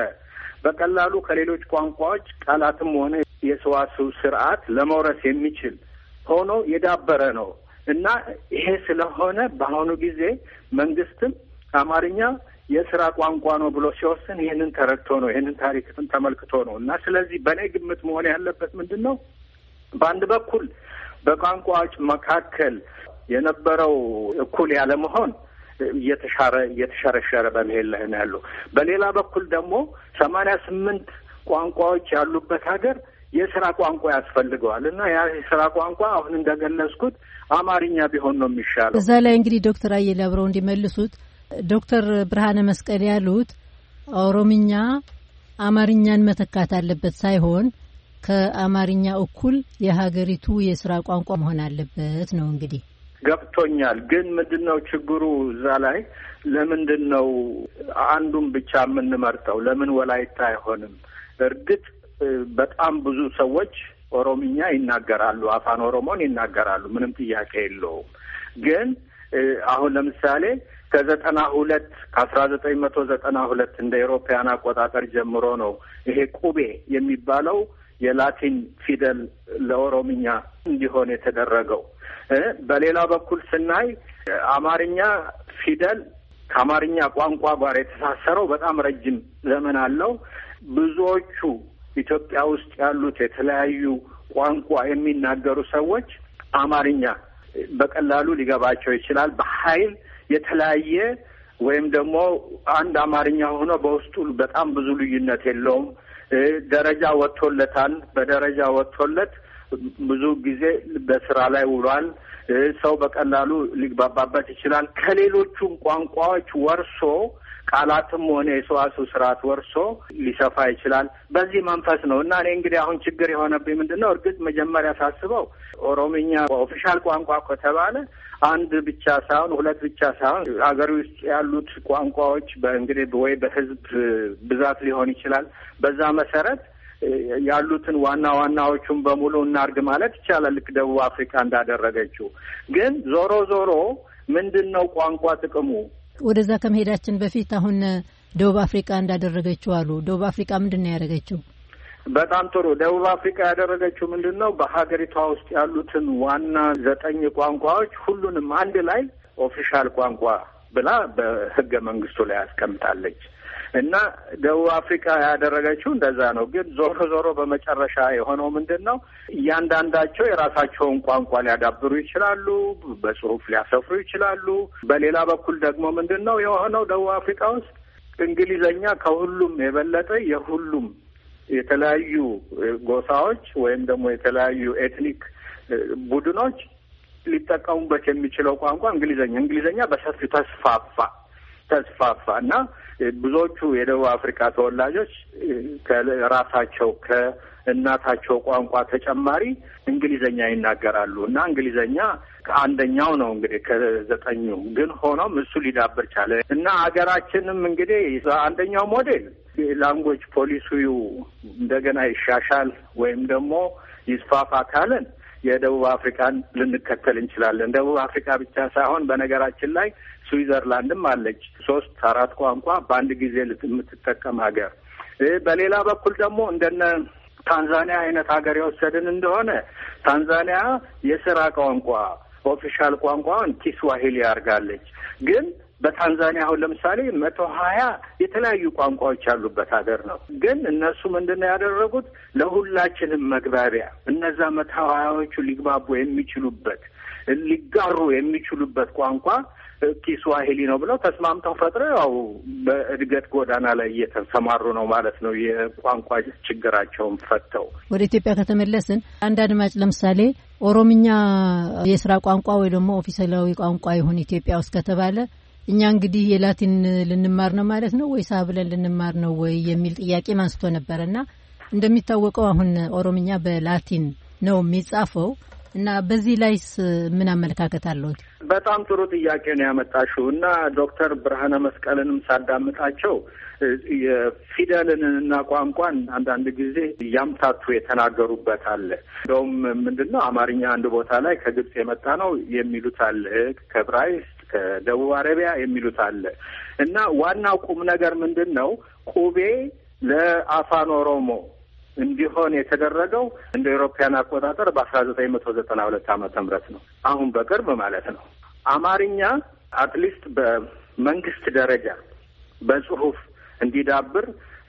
በቀላሉ ከሌሎች ቋንቋዎች ቃላትም ሆነ የሰዋስው ስርዓት ለመውረስ የሚችል ሆኖ የዳበረ ነው። እና ይሄ ስለሆነ በአሁኑ ጊዜ መንግስትም አማርኛ የስራ ቋንቋ ነው ብሎ ሲወስን ይህንን ተረድቶ ነው ይህንን ታሪክትን ተመልክቶ ነው እና ስለዚህ በእኔ ግምት መሆን ያለበት ምንድን ነው በአንድ በኩል በቋንቋዎች መካከል የነበረው እኩል ያለመሆን እየተሻረ እየተሸረሸረ በመሄድ ላይ ነው ያለው። በሌላ በኩል ደግሞ ሰማንያ ስምንት ቋንቋዎች ያሉበት ሀገር የስራ ቋንቋ ያስፈልገዋል እና ያ የስራ ቋንቋ አሁን እንደገለጽኩት አማርኛ ቢሆን ነው የሚሻለው። እዛ ላይ እንግዲህ ዶክተር አየል አብረው እንዲመልሱት ዶክተር ብርሃነ መስቀል ያሉት ኦሮምኛ አማርኛን መተካት አለበት ሳይሆን ከአማርኛ እኩል የሀገሪቱ የስራ ቋንቋ መሆን አለበት ነው። እንግዲህ ገብቶኛል። ግን ምንድን ነው ችግሩ እዛ ላይ? ለምንድን ነው አንዱን ብቻ የምንመርጠው? ለምን ወላይታ አይሆንም? እርግጥ በጣም ብዙ ሰዎች ኦሮምኛ ይናገራሉ፣ አፋን ኦሮሞን ይናገራሉ። ምንም ጥያቄ የለውም። ግን አሁን ለምሳሌ ከዘጠና ሁለት ከአስራ ዘጠኝ መቶ ዘጠና ሁለት እንደ ኤሮፓያን አቆጣጠር ጀምሮ ነው ይሄ ቁቤ የሚባለው የላቲን ፊደል ለኦሮምኛ እንዲሆን የተደረገው። በሌላ በኩል ስናይ አማርኛ ፊደል ከአማርኛ ቋንቋ ጋር የተሳሰረው በጣም ረጅም ዘመን አለው። ብዙዎቹ ኢትዮጵያ ውስጥ ያሉት የተለያዩ ቋንቋ የሚናገሩ ሰዎች አማርኛ በቀላሉ ሊገባቸው ይችላል። በኃይል የተለያየ ወይም ደግሞ አንድ አማርኛ ሆኖ በውስጡ በጣም ብዙ ልዩነት የለውም። ደረጃ ወጥቶለታል። በደረጃ ወጥቶለት ብዙ ጊዜ በስራ ላይ ውሏል። ሰው በቀላሉ ሊግባባበት ይችላል። ከሌሎቹም ቋንቋዎች ወርሶ ቃላትም ሆነ የሰዋስው ስርዓት ወርሶ ሊሰፋ ይችላል። በዚህ መንፈስ ነው እና እኔ እንግዲህ አሁን ችግር የሆነብኝ ምንድን ነው፣ እርግጥ መጀመሪያ ሳስበው ኦሮምኛ ኦፊሻል ቋንቋ ከተባለ አንድ ብቻ ሳይሆን ሁለት ብቻ ሳይሆን ሀገር ውስጥ ያሉት ቋንቋዎች በእንግዲህ ወይ በህዝብ ብዛት ሊሆን ይችላል። በዛ መሰረት ያሉትን ዋና ዋናዎቹን በሙሉ እናርግ ማለት ይቻላል፣ ልክ ደቡብ አፍሪካ እንዳደረገችው። ግን ዞሮ ዞሮ ምንድን ነው ቋንቋ ጥቅሙ? ወደዛ ከመሄዳችን በፊት አሁን ደቡብ አፍሪቃ እንዳደረገችው አሉ። ደቡብ አፍሪቃ ምንድን ነው ያደረገችው? በጣም ጥሩ። ደቡብ አፍሪካ ያደረገችው ምንድን ነው? በሀገሪቷ ውስጥ ያሉትን ዋና ዘጠኝ ቋንቋዎች ሁሉንም አንድ ላይ ኦፊሻል ቋንቋ ብላ በህገ መንግስቱ ላይ አስቀምጣለች። እና ደቡብ አፍሪካ ያደረገችው እንደዛ ነው። ግን ዞሮ ዞሮ በመጨረሻ የሆነው ምንድን ነው? እያንዳንዳቸው የራሳቸውን ቋንቋ ሊያዳብሩ ይችላሉ፣ በጽሁፍ ሊያሰፍሩ ይችላሉ። በሌላ በኩል ደግሞ ምንድን ነው የሆነው ደቡብ አፍሪካ ውስጥ እንግሊዘኛ ከሁሉም የበለጠ የሁሉም የተለያዩ ጎሳዎች ወይም ደግሞ የተለያዩ ኤትኒክ ቡድኖች ሊጠቀሙበት የሚችለው ቋንቋ እንግሊዘኛ እንግሊዘኛ በሰፊው ተስፋፋ ተስፋፋ እና ብዙዎቹ የደቡብ አፍሪካ ተወላጆች ከራሳቸው ከእናታቸው ቋንቋ ተጨማሪ እንግሊዘኛ ይናገራሉ እና እንግሊዘኛ ከአንደኛው ነው እንግዲህ ከዘጠኙ ግን ሆኖም እሱ ሊዳብር ቻለ እና አገራችንም እንግዲህ አንደኛው ሞዴል ላንጎጅ ፖሊሲው እንደገና ይሻሻል ወይም ደግሞ ይስፋፋ ካለን የደቡብ አፍሪካን ልንከተል እንችላለን። ደቡብ አፍሪካ ብቻ ሳይሆን በነገራችን ላይ ስዊዘርላንድም አለች፣ ሶስት አራት ቋንቋ በአንድ ጊዜ የምትጠቀም ሀገር። በሌላ በኩል ደግሞ እንደነ ታንዛኒያ አይነት ሀገር የወሰድን እንደሆነ ታንዛኒያ የስራ ቋንቋ ኦፊሻል ቋንቋን ኪስዋሂሊ ያርጋለች ግን በታንዛኒያ አሁን ለምሳሌ መቶ ሀያ የተለያዩ ቋንቋዎች ያሉበት ሀገር ነው። ግን እነሱ ምንድን ነው ያደረጉት ለሁላችንም መግባቢያ እነዛ መቶ ሀያዎቹ ሊግባቡ የሚችሉበት ሊጋሩ የሚችሉበት ቋንቋ ኪስዋሂሊ ነው ብለው ተስማምተው ፈጥረው ያው በእድገት ጎዳና ላይ እየተሰማሩ ነው ማለት ነው። የቋንቋ ችግራቸውን ፈተው ወደ ኢትዮጵያ ከተመለስን አንድ አድማጭ ለምሳሌ ኦሮምኛ የስራ ቋንቋ ወይ ደግሞ ኦፊሴላዊ ቋንቋ ይሁን ኢትዮጵያ ውስጥ ከተባለ እኛ እንግዲህ የላቲን ልንማር ነው ማለት ነው ወይስ ብለን ልንማር ነው ወይ የሚል ጥያቄ ማንስቶ ነበረ እና እንደሚታወቀው አሁን ኦሮምኛ በላቲን ነው የሚጻፈው እና በዚህ ላይስ ምን አመለካከት አለዎት? በጣም ጥሩ ጥያቄ ነው ያመጣሽው እና ዶክተር ብርሃነ መስቀልንም ሳዳምጣቸው የፊደልን እና ቋንቋን አንዳንድ ጊዜ እያምታቱ የተናገሩበት አለ። እንደውም ምንድን ነው አማርኛ አንድ ቦታ ላይ ከግብጽ የመጣ ነው የሚሉት አለ፣ ከብራይስ ከደቡብ አረቢያ የሚሉት አለ እና ዋናው ቁም ነገር ምንድን ነው? ቁቤ ለአፋን ኦሮሞ እንዲሆን የተደረገው እንደ ኤሮፓያን አቆጣጠር በአስራ ዘጠኝ መቶ ዘጠና ሁለት አመተ ምህረት ነው። አሁን በቅርብ ማለት ነው። አማርኛ አትሊስት በመንግስት ደረጃ በጽሁፍ እንዲዳብር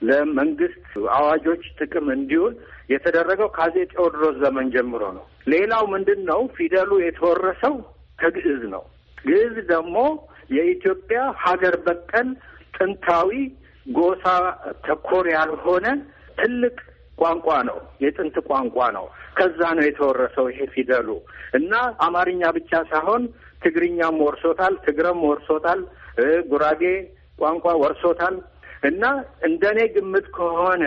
ለመንግስት አዋጆች ጥቅም እንዲውል የተደረገው ከአፄ ቴዎድሮስ ዘመን ጀምሮ ነው። ሌላው ምንድን ነው? ፊደሉ የተወረሰው ከግዕዝ ነው። ግዕዝ ደግሞ የኢትዮጵያ ሀገር በቀል ጥንታዊ ጎሳ ተኮር ያልሆነ ትልቅ ቋንቋ ነው። የጥንት ቋንቋ ነው። ከዛ ነው የተወረሰው ይሄ ፊደሉ እና አማርኛ ብቻ ሳይሆን ትግርኛም ወርሶታል፣ ትግረም ወርሶታል፣ ጉራጌ ቋንቋ ወርሶታል እና እንደኔ ግምት ከሆነ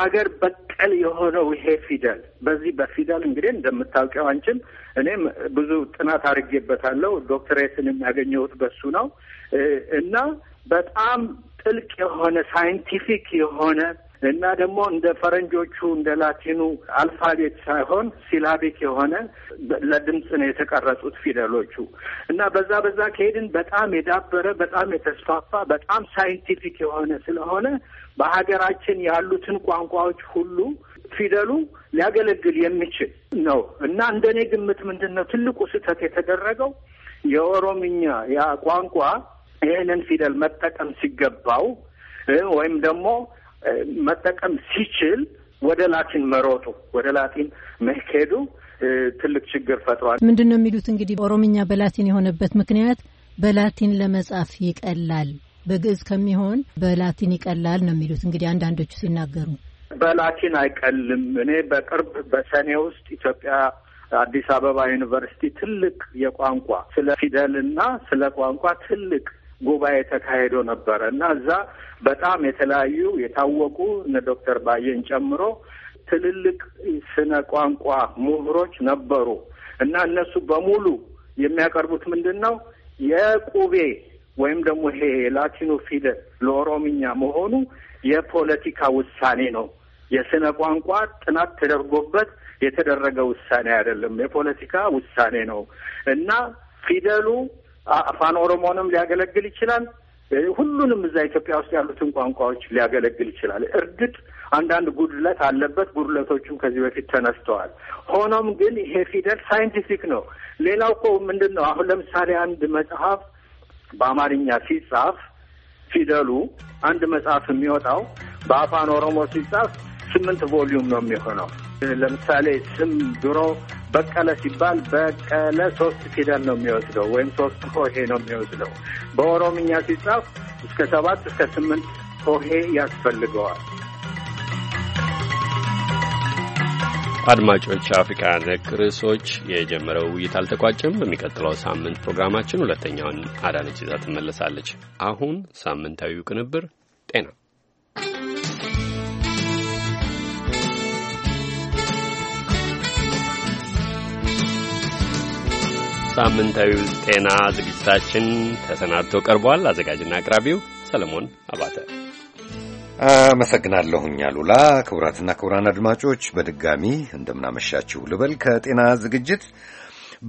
አገር በቀል የሆነው ይሄ ፊደል በዚህ በፊደል እንግዲህ እንደምታውቂው አንቺም እኔም ብዙ ጥናት አድርጌበታለሁ። ዶክትሬትን የሚያገኘሁት በሱ ነው እና በጣም ጥልቅ የሆነ ሳይንቲፊክ የሆነ እና ደግሞ እንደ ፈረንጆቹ እንደ ላቲኑ አልፋቤት ሳይሆን ሲላቢክ የሆነ ለድምፅ ነው የተቀረጹት ፊደሎቹ እና በዛ በዛ ከሄድን በጣም የዳበረ በጣም የተስፋፋ በጣም ሳይንቲፊክ የሆነ ስለሆነ በሀገራችን ያሉትን ቋንቋዎች ሁሉ ፊደሉ ሊያገለግል የሚችል ነው እና እንደ እኔ ግምት ምንድን ነው ትልቁ ስህተት የተደረገው የኦሮምኛ ያ ቋንቋ ይህንን ፊደል መጠቀም ሲገባው ወይም ደግሞ መጠቀም ሲችል ወደ ላቲን መሮጡ ወደ ላቲን መሄዱ ትልቅ ችግር ፈጥሯል። ምንድን ነው የሚሉት እንግዲህ ኦሮምኛ በላቲን የሆነበት ምክንያት በላቲን ለመጻፍ ይቀላል፣ በግዕዝ ከሚሆን በላቲን ይቀላል ነው የሚሉት እንግዲህ አንዳንዶቹ ሲናገሩ በላቲን አይቀልም። እኔ በቅርብ በሰኔ ውስጥ ኢትዮጵያ አዲስ አበባ ዩኒቨርሲቲ ትልቅ የቋንቋ ስለ ፊደል ስለ ቋንቋ ትልቅ ጉባኤ ተካሂዶ ነበረ እና እዛ በጣም የተለያዩ የታወቁ እነ ዶክተር ባየን ጨምሮ ትልልቅ ስነ ቋንቋ ምሁሮች ነበሩ እና እነሱ በሙሉ የሚያቀርቡት ምንድን ነው የቁቤ ወይም ደግሞ ይሄ የላቲኖ ፊደል ለኦሮምኛ መሆኑ የፖለቲካ ውሳኔ ነው። የስነ ቋንቋ ጥናት ተደርጎበት የተደረገ ውሳኔ አይደለም፣ የፖለቲካ ውሳኔ ነው እና ፊደሉ አፋን ኦሮሞንም ሊያገለግል ይችላል። ሁሉንም እዛ ኢትዮጵያ ውስጥ ያሉትን ቋንቋዎች ሊያገለግል ይችላል። እርግጥ አንዳንድ ጉድለት አለበት። ጉድለቶቹም ከዚህ በፊት ተነስተዋል። ሆኖም ግን ይሄ ፊደል ሳይንቲፊክ ነው። ሌላው እኮ ምንድን ነው? አሁን ለምሳሌ አንድ መጽሐፍ በአማርኛ ሲጻፍ ፊደሉ አንድ መጽሐፍ የሚወጣው በአፋን ኦሮሞ ሲጻፍ ስምንት ቮሊዩም ነው የሚሆነው። ለምሳሌ ስም ድሮ በቀለ ሲባል በቀለ ሶስት ፊደል ነው የሚወስደው ወይም ሶስት ሆሄ ነው የሚወስደው። በኦሮምኛ ሲጻፍ እስከ ሰባት እስከ ስምንት ሆሄ ያስፈልገዋል። አድማጮች፣ አፍሪካ ነክ ርዕሶች የጀመረው ውይይት አልተቋጨም። በሚቀጥለው ሳምንት ፕሮግራማችን ሁለተኛውን አዳነች ይዛ ትመለሳለች። አሁን ሳምንታዊው ቅንብር ጤና ሳምንታዊ ጤና ዝግጅታችን ተሰናድቶ ቀርቧል። አዘጋጅና አቅራቢው ሰለሞን አባተ። አመሰግናለሁኝ አሉላ። ክቡራትና ክቡራን አድማጮች በድጋሚ እንደምናመሻችሁ ልበል ከጤና ዝግጅት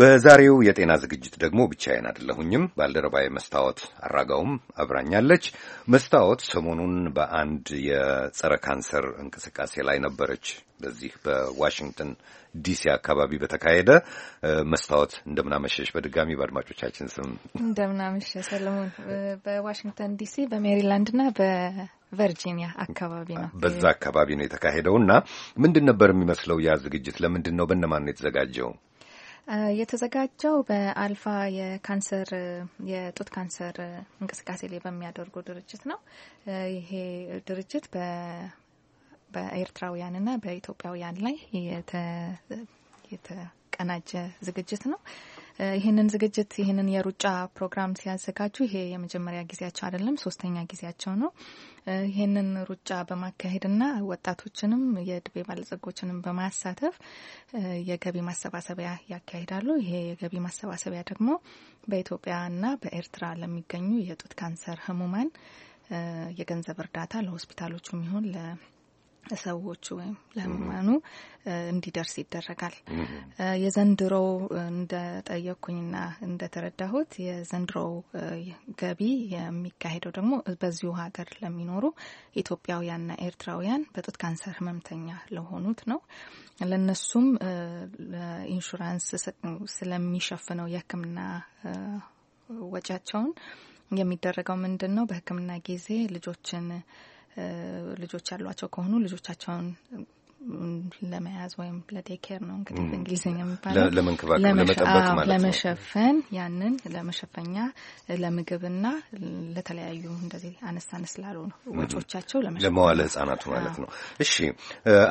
በዛሬው የጤና ዝግጅት ደግሞ ብቻዬን አይደለሁኝም። ባልደረባዊ መስታወት አራጋውም አብራኛለች። መስታወት ሰሞኑን በአንድ የጸረ ካንሰር እንቅስቃሴ ላይ ነበረች በዚህ በዋሽንግተን ዲሲ አካባቢ በተካሄደ መስታወት እንደምናመሸሽ በድጋሚ በአድማጮቻችን ስም እንደምናመሸ ሰለሞን። በዋሽንግተን ዲሲ በሜሪላንድ ና በቨርጂኒያ አካባቢ ነው በዛ አካባቢ ነው የተካሄደው እና ምንድን ነበር የሚመስለው ያ ዝግጅት? ለምንድን ነው በነማን ነው የተዘጋጀው? የተዘጋጀው በአልፋ የካንሰር የጡት ካንሰር እንቅስቃሴ ላይ በሚያደርጉ ድርጅት ነው። ይሄ ድርጅት በኤርትራውያንና በኢትዮጵያውያን ላይ የተቀናጀ ዝግጅት ነው። ይህንን ዝግጅት ይህንን የሩጫ ፕሮግራም ሲያዘጋጁ ይሄ የመጀመሪያ ጊዜያቸው አይደለም፣ ሶስተኛ ጊዜያቸው ነው። ይህንን ሩጫ በማካሄድና ወጣቶችንም የድቤ ባለጸጎችንም በማሳተፍ የገቢ ማሰባሰቢያ ያካሂዳሉ። ይሄ የገቢ ማሰባሰቢያ ደግሞ በኢትዮጵያና በኤርትራ ለሚገኙ የጡት ካንሰር ህሙማን የገንዘብ እርዳታ ለሆስፒታሎቹ የሚሆን ሰዎቹ ወይም ለህሙማኑ እንዲደርስ ይደረጋል። የዘንድሮ እንደጠየቅኩኝና እንደተረዳሁት የዘንድሮ ገቢ የሚካሄደው ደግሞ በዚሁ ሀገር ለሚኖሩ ኢትዮጵያውያንና ኤርትራውያን በጡት ካንሰር ህመምተኛ ለሆኑት ነው። ለነሱም ኢንሹራንስ ስለሚሸፍነው የህክምና ወጪያቸውን የሚደረገው ምንድን ነው? በህክምና ጊዜ ልጆችን ልጆች ያሏቸው ከሆኑ ልጆቻቸውን ለመያዝ ወይም ለቴኬር ነው እንግዲህ በእንግሊዝኛ የሚባለው ለመሸፈን ያንን ለመሸፈኛ ለምግብና ለተለያዩ እንደዚህ አነስ አነስ ላሉ ወጮቻቸው ወጪዎቻቸው ለመዋለ ህጻናቱ ማለት ነው። እሺ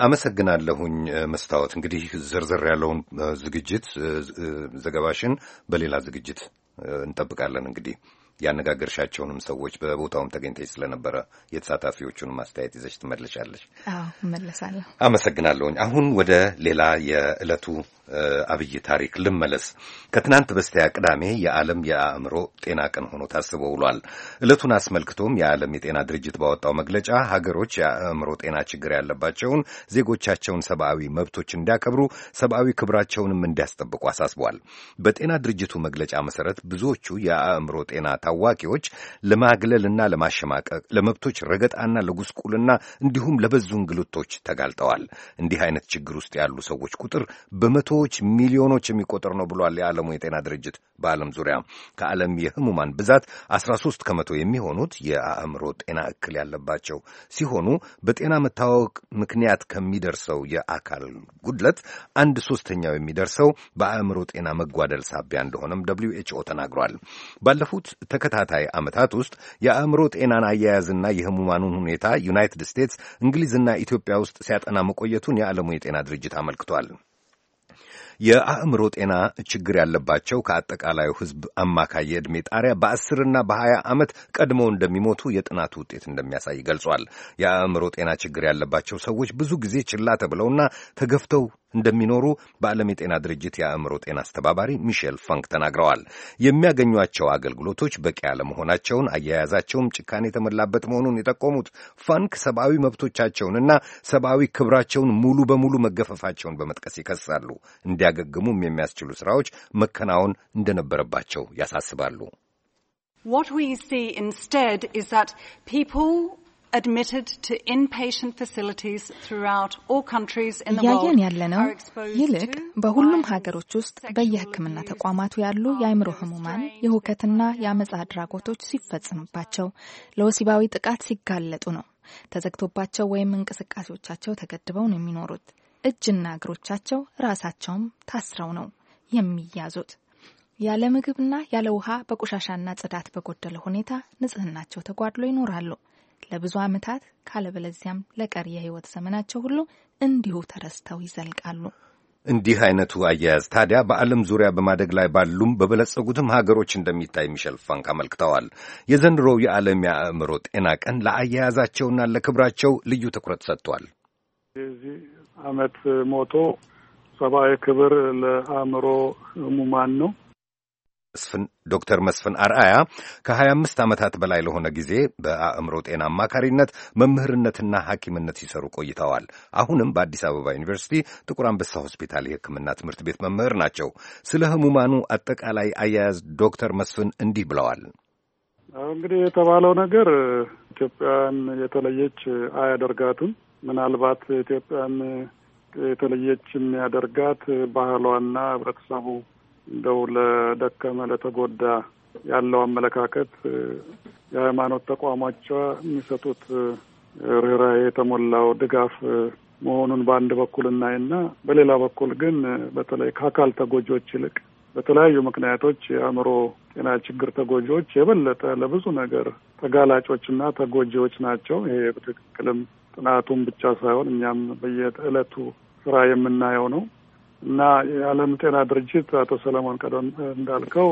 አመሰግናለሁኝ መስታወት። እንግዲህ ዝርዝር ያለውን ዝግጅት ዘገባሽን በሌላ ዝግጅት እንጠብቃለን እንግዲህ ያነጋገርሻቸውንም ሰዎች በቦታውም ተገኝተች ስለነበረ የተሳታፊዎቹንም አስተያየት ይዘሽ ትመልሻለሽ። አዎ እመለሳለሁ። አመሰግናለሁኝ። አሁን ወደ ሌላ የዕለቱ አብይ ታሪክ ልመለስ። ከትናንት በስቲያ ቅዳሜ የዓለም የአእምሮ ጤና ቀን ሆኖ ታስቦ ውሏል። ዕለቱን አስመልክቶም የዓለም የጤና ድርጅት ባወጣው መግለጫ ሀገሮች የአእምሮ ጤና ችግር ያለባቸውን ዜጎቻቸውን ሰብአዊ መብቶች እንዲያከብሩ፣ ሰብአዊ ክብራቸውንም እንዲያስጠብቁ አሳስቧል። በጤና ድርጅቱ መግለጫ መሰረት ብዙዎቹ የአእምሮ ጤና ታዋቂዎች ለማግለልና ለማሸማቀቅ፣ ለመብቶች ረገጣና ለጉስቁልና እንዲሁም ለበዙ እንግልቶች ተጋልጠዋል። እንዲህ አይነት ችግር ውስጥ ያሉ ሰዎች ቁጥር በመቶ በመቶዎች ሚሊዮኖች የሚቆጠር ነው ብሏል የዓለሙ የጤና ድርጅት። በዓለም ዙሪያ ከዓለም የህሙማን ብዛት 13 ከመቶ የሚሆኑት የአእምሮ ጤና እክል ያለባቸው ሲሆኑ በጤና መታወቅ ምክንያት ከሚደርሰው የአካል ጉድለት አንድ ሶስተኛው የሚደርሰው በአእምሮ ጤና መጓደል ሳቢያ እንደሆነም ደብልዩ ኤችኦ ተናግሯል። ባለፉት ተከታታይ ዓመታት ውስጥ የአእምሮ ጤናን አያያዝና የህሙማኑን ሁኔታ ዩናይትድ ስቴትስ፣ እንግሊዝና ኢትዮጵያ ውስጥ ሲያጠና መቆየቱን የዓለሙ የጤና ድርጅት አመልክቷል። የአእምሮ ጤና ችግር ያለባቸው ከአጠቃላዩ ሕዝብ አማካይ የዕድሜ ጣሪያ በአስርና በሀያ ዓመት ቀድሞ እንደሚሞቱ የጥናቱ ውጤት እንደሚያሳይ ገልጿል። የአእምሮ ጤና ችግር ያለባቸው ሰዎች ብዙ ጊዜ ችላ ተብለውና ተገፍተው እንደሚኖሩ በዓለም የጤና ድርጅት የአእምሮ ጤና አስተባባሪ ሚሼል ፈንክ ተናግረዋል። የሚያገኟቸው አገልግሎቶች በቂ ያለመሆናቸውን፣ አያያዛቸውም ጭካኔ የተሞላበት መሆኑን የጠቆሙት ፈንክ ሰብአዊ መብቶቻቸውንና ሰብአዊ ክብራቸውን ሙሉ በሙሉ መገፈፋቸውን በመጥቀስ ይከሳሉ። እንዲያገግሙም የሚያስችሉ ስራዎች መከናወን እንደነበረባቸው ያሳስባሉ። What we see instead is that people እያየን ያለነው ይልቅ በሁሉም ሀገሮች ውስጥ በየሕክምና ተቋማቱ ያሉ የአእምሮ ህሙማን የሁከትና የአመፃ አድራጎቶች ሲፈጽምባቸው፣ ለወሲባዊ ጥቃት ሲጋለጡ ነው። ተዘግቶባቸው ወይም እንቅስቃሴዎቻቸው ተገድበው ነው የሚኖሩት። እጅና እግሮቻቸው ራሳቸውም ታስረው ነው የሚያዙት። ያለ ምግብና ያለ ውሃ በቆሻሻና ጽዳት በጎደለ ሁኔታ ንጽህናቸው ተጓድሎ ይኖራሉ። ለብዙ ዓመታት ካለበለዚያም ለቀሪ የህይወት ዘመናቸው ሁሉ እንዲሁ ተረስተው ይዘልቃሉ። እንዲህ አይነቱ አያያዝ ታዲያ በዓለም ዙሪያ በማደግ ላይ ባሉም በበለጸጉትም ሀገሮች እንደሚታይ ሚሸል ፋንክ አመልክተዋል። የዘንድሮው የዓለም የአእምሮ ጤና ቀን ለአያያዛቸውና ለክብራቸው ልዩ ትኩረት ሰጥቷል። የዚህ ዓመት ሞቶ ሰብአዊ ክብር ለአእምሮ ህሙማን ነው። ዶክተር መስፍን አርአያ ከ25 ዓመታት በላይ ለሆነ ጊዜ በአእምሮ ጤና አማካሪነት መምህርነትና ሐኪምነት ሲሰሩ ቆይተዋል። አሁንም በአዲስ አበባ ዩኒቨርሲቲ ጥቁር አንበሳ ሆስፒታል የሕክምና ትምህርት ቤት መምህር ናቸው። ስለ ህሙማኑ አጠቃላይ አያያዝ ዶክተር መስፍን እንዲህ ብለዋል። እንግዲህ የተባለው ነገር ኢትዮጵያን የተለየች አያደርጋትም። ምናልባት ኢትዮጵያን የተለየች የሚያደርጋት ባህሏና ህብረተሰቡ እንደው ለደከመ ለተጎዳ ያለው አመለካከት የሃይማኖት ተቋማቿ የሚሰጡት ርኅራኄ የተሞላው ድጋፍ መሆኑን በአንድ በኩል እናይና በሌላ በኩል ግን በተለይ ከአካል ተጎጂዎች ይልቅ በተለያዩ ምክንያቶች የአእምሮ ጤና ችግር ተጎጂዎች የበለጠ ለብዙ ነገር ተጋላጮችና ተጎጂዎች ናቸው። ይሄ በትክክልም ጥናቱም ብቻ ሳይሆን እኛም በየዕለቱ ስራ የምናየው ነው። እና የዓለም ጤና ድርጅት አቶ ሰለሞን ቀደም እንዳልከው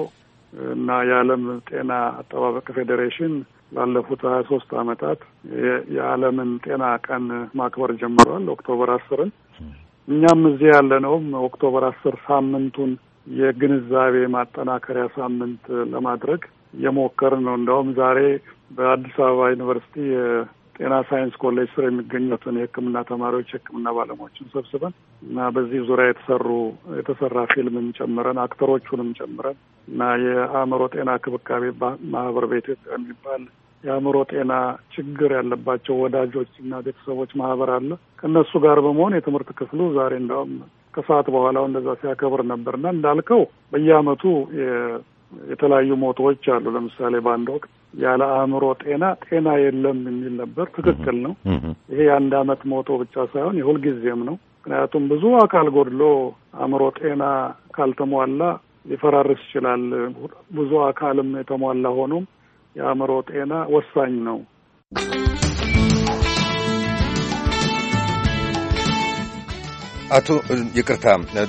እና የዓለም ጤና አጠባበቅ ፌዴሬሽን ላለፉት ሀያ ሶስት አመታት የዓለምን ጤና ቀን ማክበር ጀምረዋል። ኦክቶበር አስርን እኛም እዚህ ያለነውም ኦክቶበር አስር ሳምንቱን የግንዛቤ ማጠናከሪያ ሳምንት ለማድረግ የሞከርን ነው። እንደውም ዛሬ በአዲስ አበባ ዩኒቨርሲቲ ጤና ሳይንስ ኮሌጅ ስር የሚገኙትን የሕክምና ተማሪዎች የሕክምና ባለሙያዎችን ሰብስበን እና በዚህ ዙሪያ የተሰሩ የተሰራ ፊልምም ጨምረን አክተሮቹንም ጨምረን እና የአእምሮ ጤና ክብካቤ ማህበር በኢትዮጵያ የሚባል የአእምሮ ጤና ችግር ያለባቸው ወዳጆች እና ቤተሰቦች ማህበር አለ። ከእነሱ ጋር በመሆን የትምህርት ክፍሉ ዛሬ እንዲያውም ከሰዓት በኋላው እንደዛ ሲያከብር ነበርና እንዳልከው በየአመቱ የተለያዩ ሞቶዎች አሉ። ለምሳሌ በአንድ ወቅት ያለ አእምሮ ጤና ጤና የለም የሚል ነበር። ትክክል ነው። ይሄ የአንድ አመት ሞቶ ብቻ ሳይሆን የሁልጊዜም ነው። ምክንያቱም ብዙ አካል ጎድሎ አእምሮ ጤና ካልተሟላ ሊፈራርስ ይችላል። ብዙ አካልም የተሟላ ሆኖም የአእምሮ ጤና ወሳኝ ነው። አቶ ይቅርታ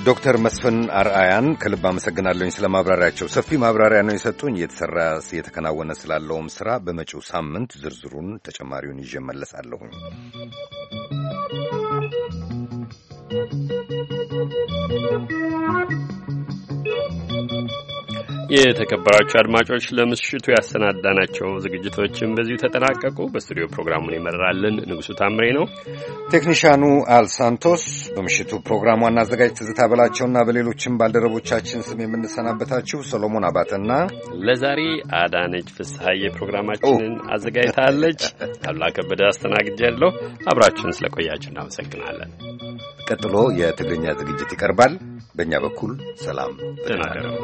ዶክተር መስፍን አርአያን ከልብ አመሰግናለሁኝ ስለ ማብራሪያቸው። ሰፊ ማብራሪያ ነው የሰጡኝ። እየተሰራ እየተከናወነ ስላለውም ስራ በመጪው ሳምንት ዝርዝሩን ተጨማሪውን ይዤ መለሳለሁኝ። የተከበራችሁ አድማጮች ለምሽቱ ያሰናዳናቸው ዝግጅቶችን በዚሁ ተጠናቀቁ። በስቱዲዮ ፕሮግራሙን ይመራልን ንጉሱ ታምሬ ነው። ቴክኒሻኑ አልሳንቶስ፣ በምሽቱ ፕሮግራም ዋና አዘጋጅ ትዝታ በላቸውና በሌሎችም ባልደረቦቻችን ስም የምንሰናበታችሁ ሰሎሞን አባተና ለዛሬ አዳነች ፍስሐዬ ፕሮግራማችንን አዘጋጅታለች። አሉላ ከበደ አስተናግጃለሁ። አብራችሁን ስለቆያችሁ እናመሰግናለን። ቀጥሎ የትግርኛ ዝግጅት ይቀርባል። በእኛ በኩል ሰላም ተናደሩ።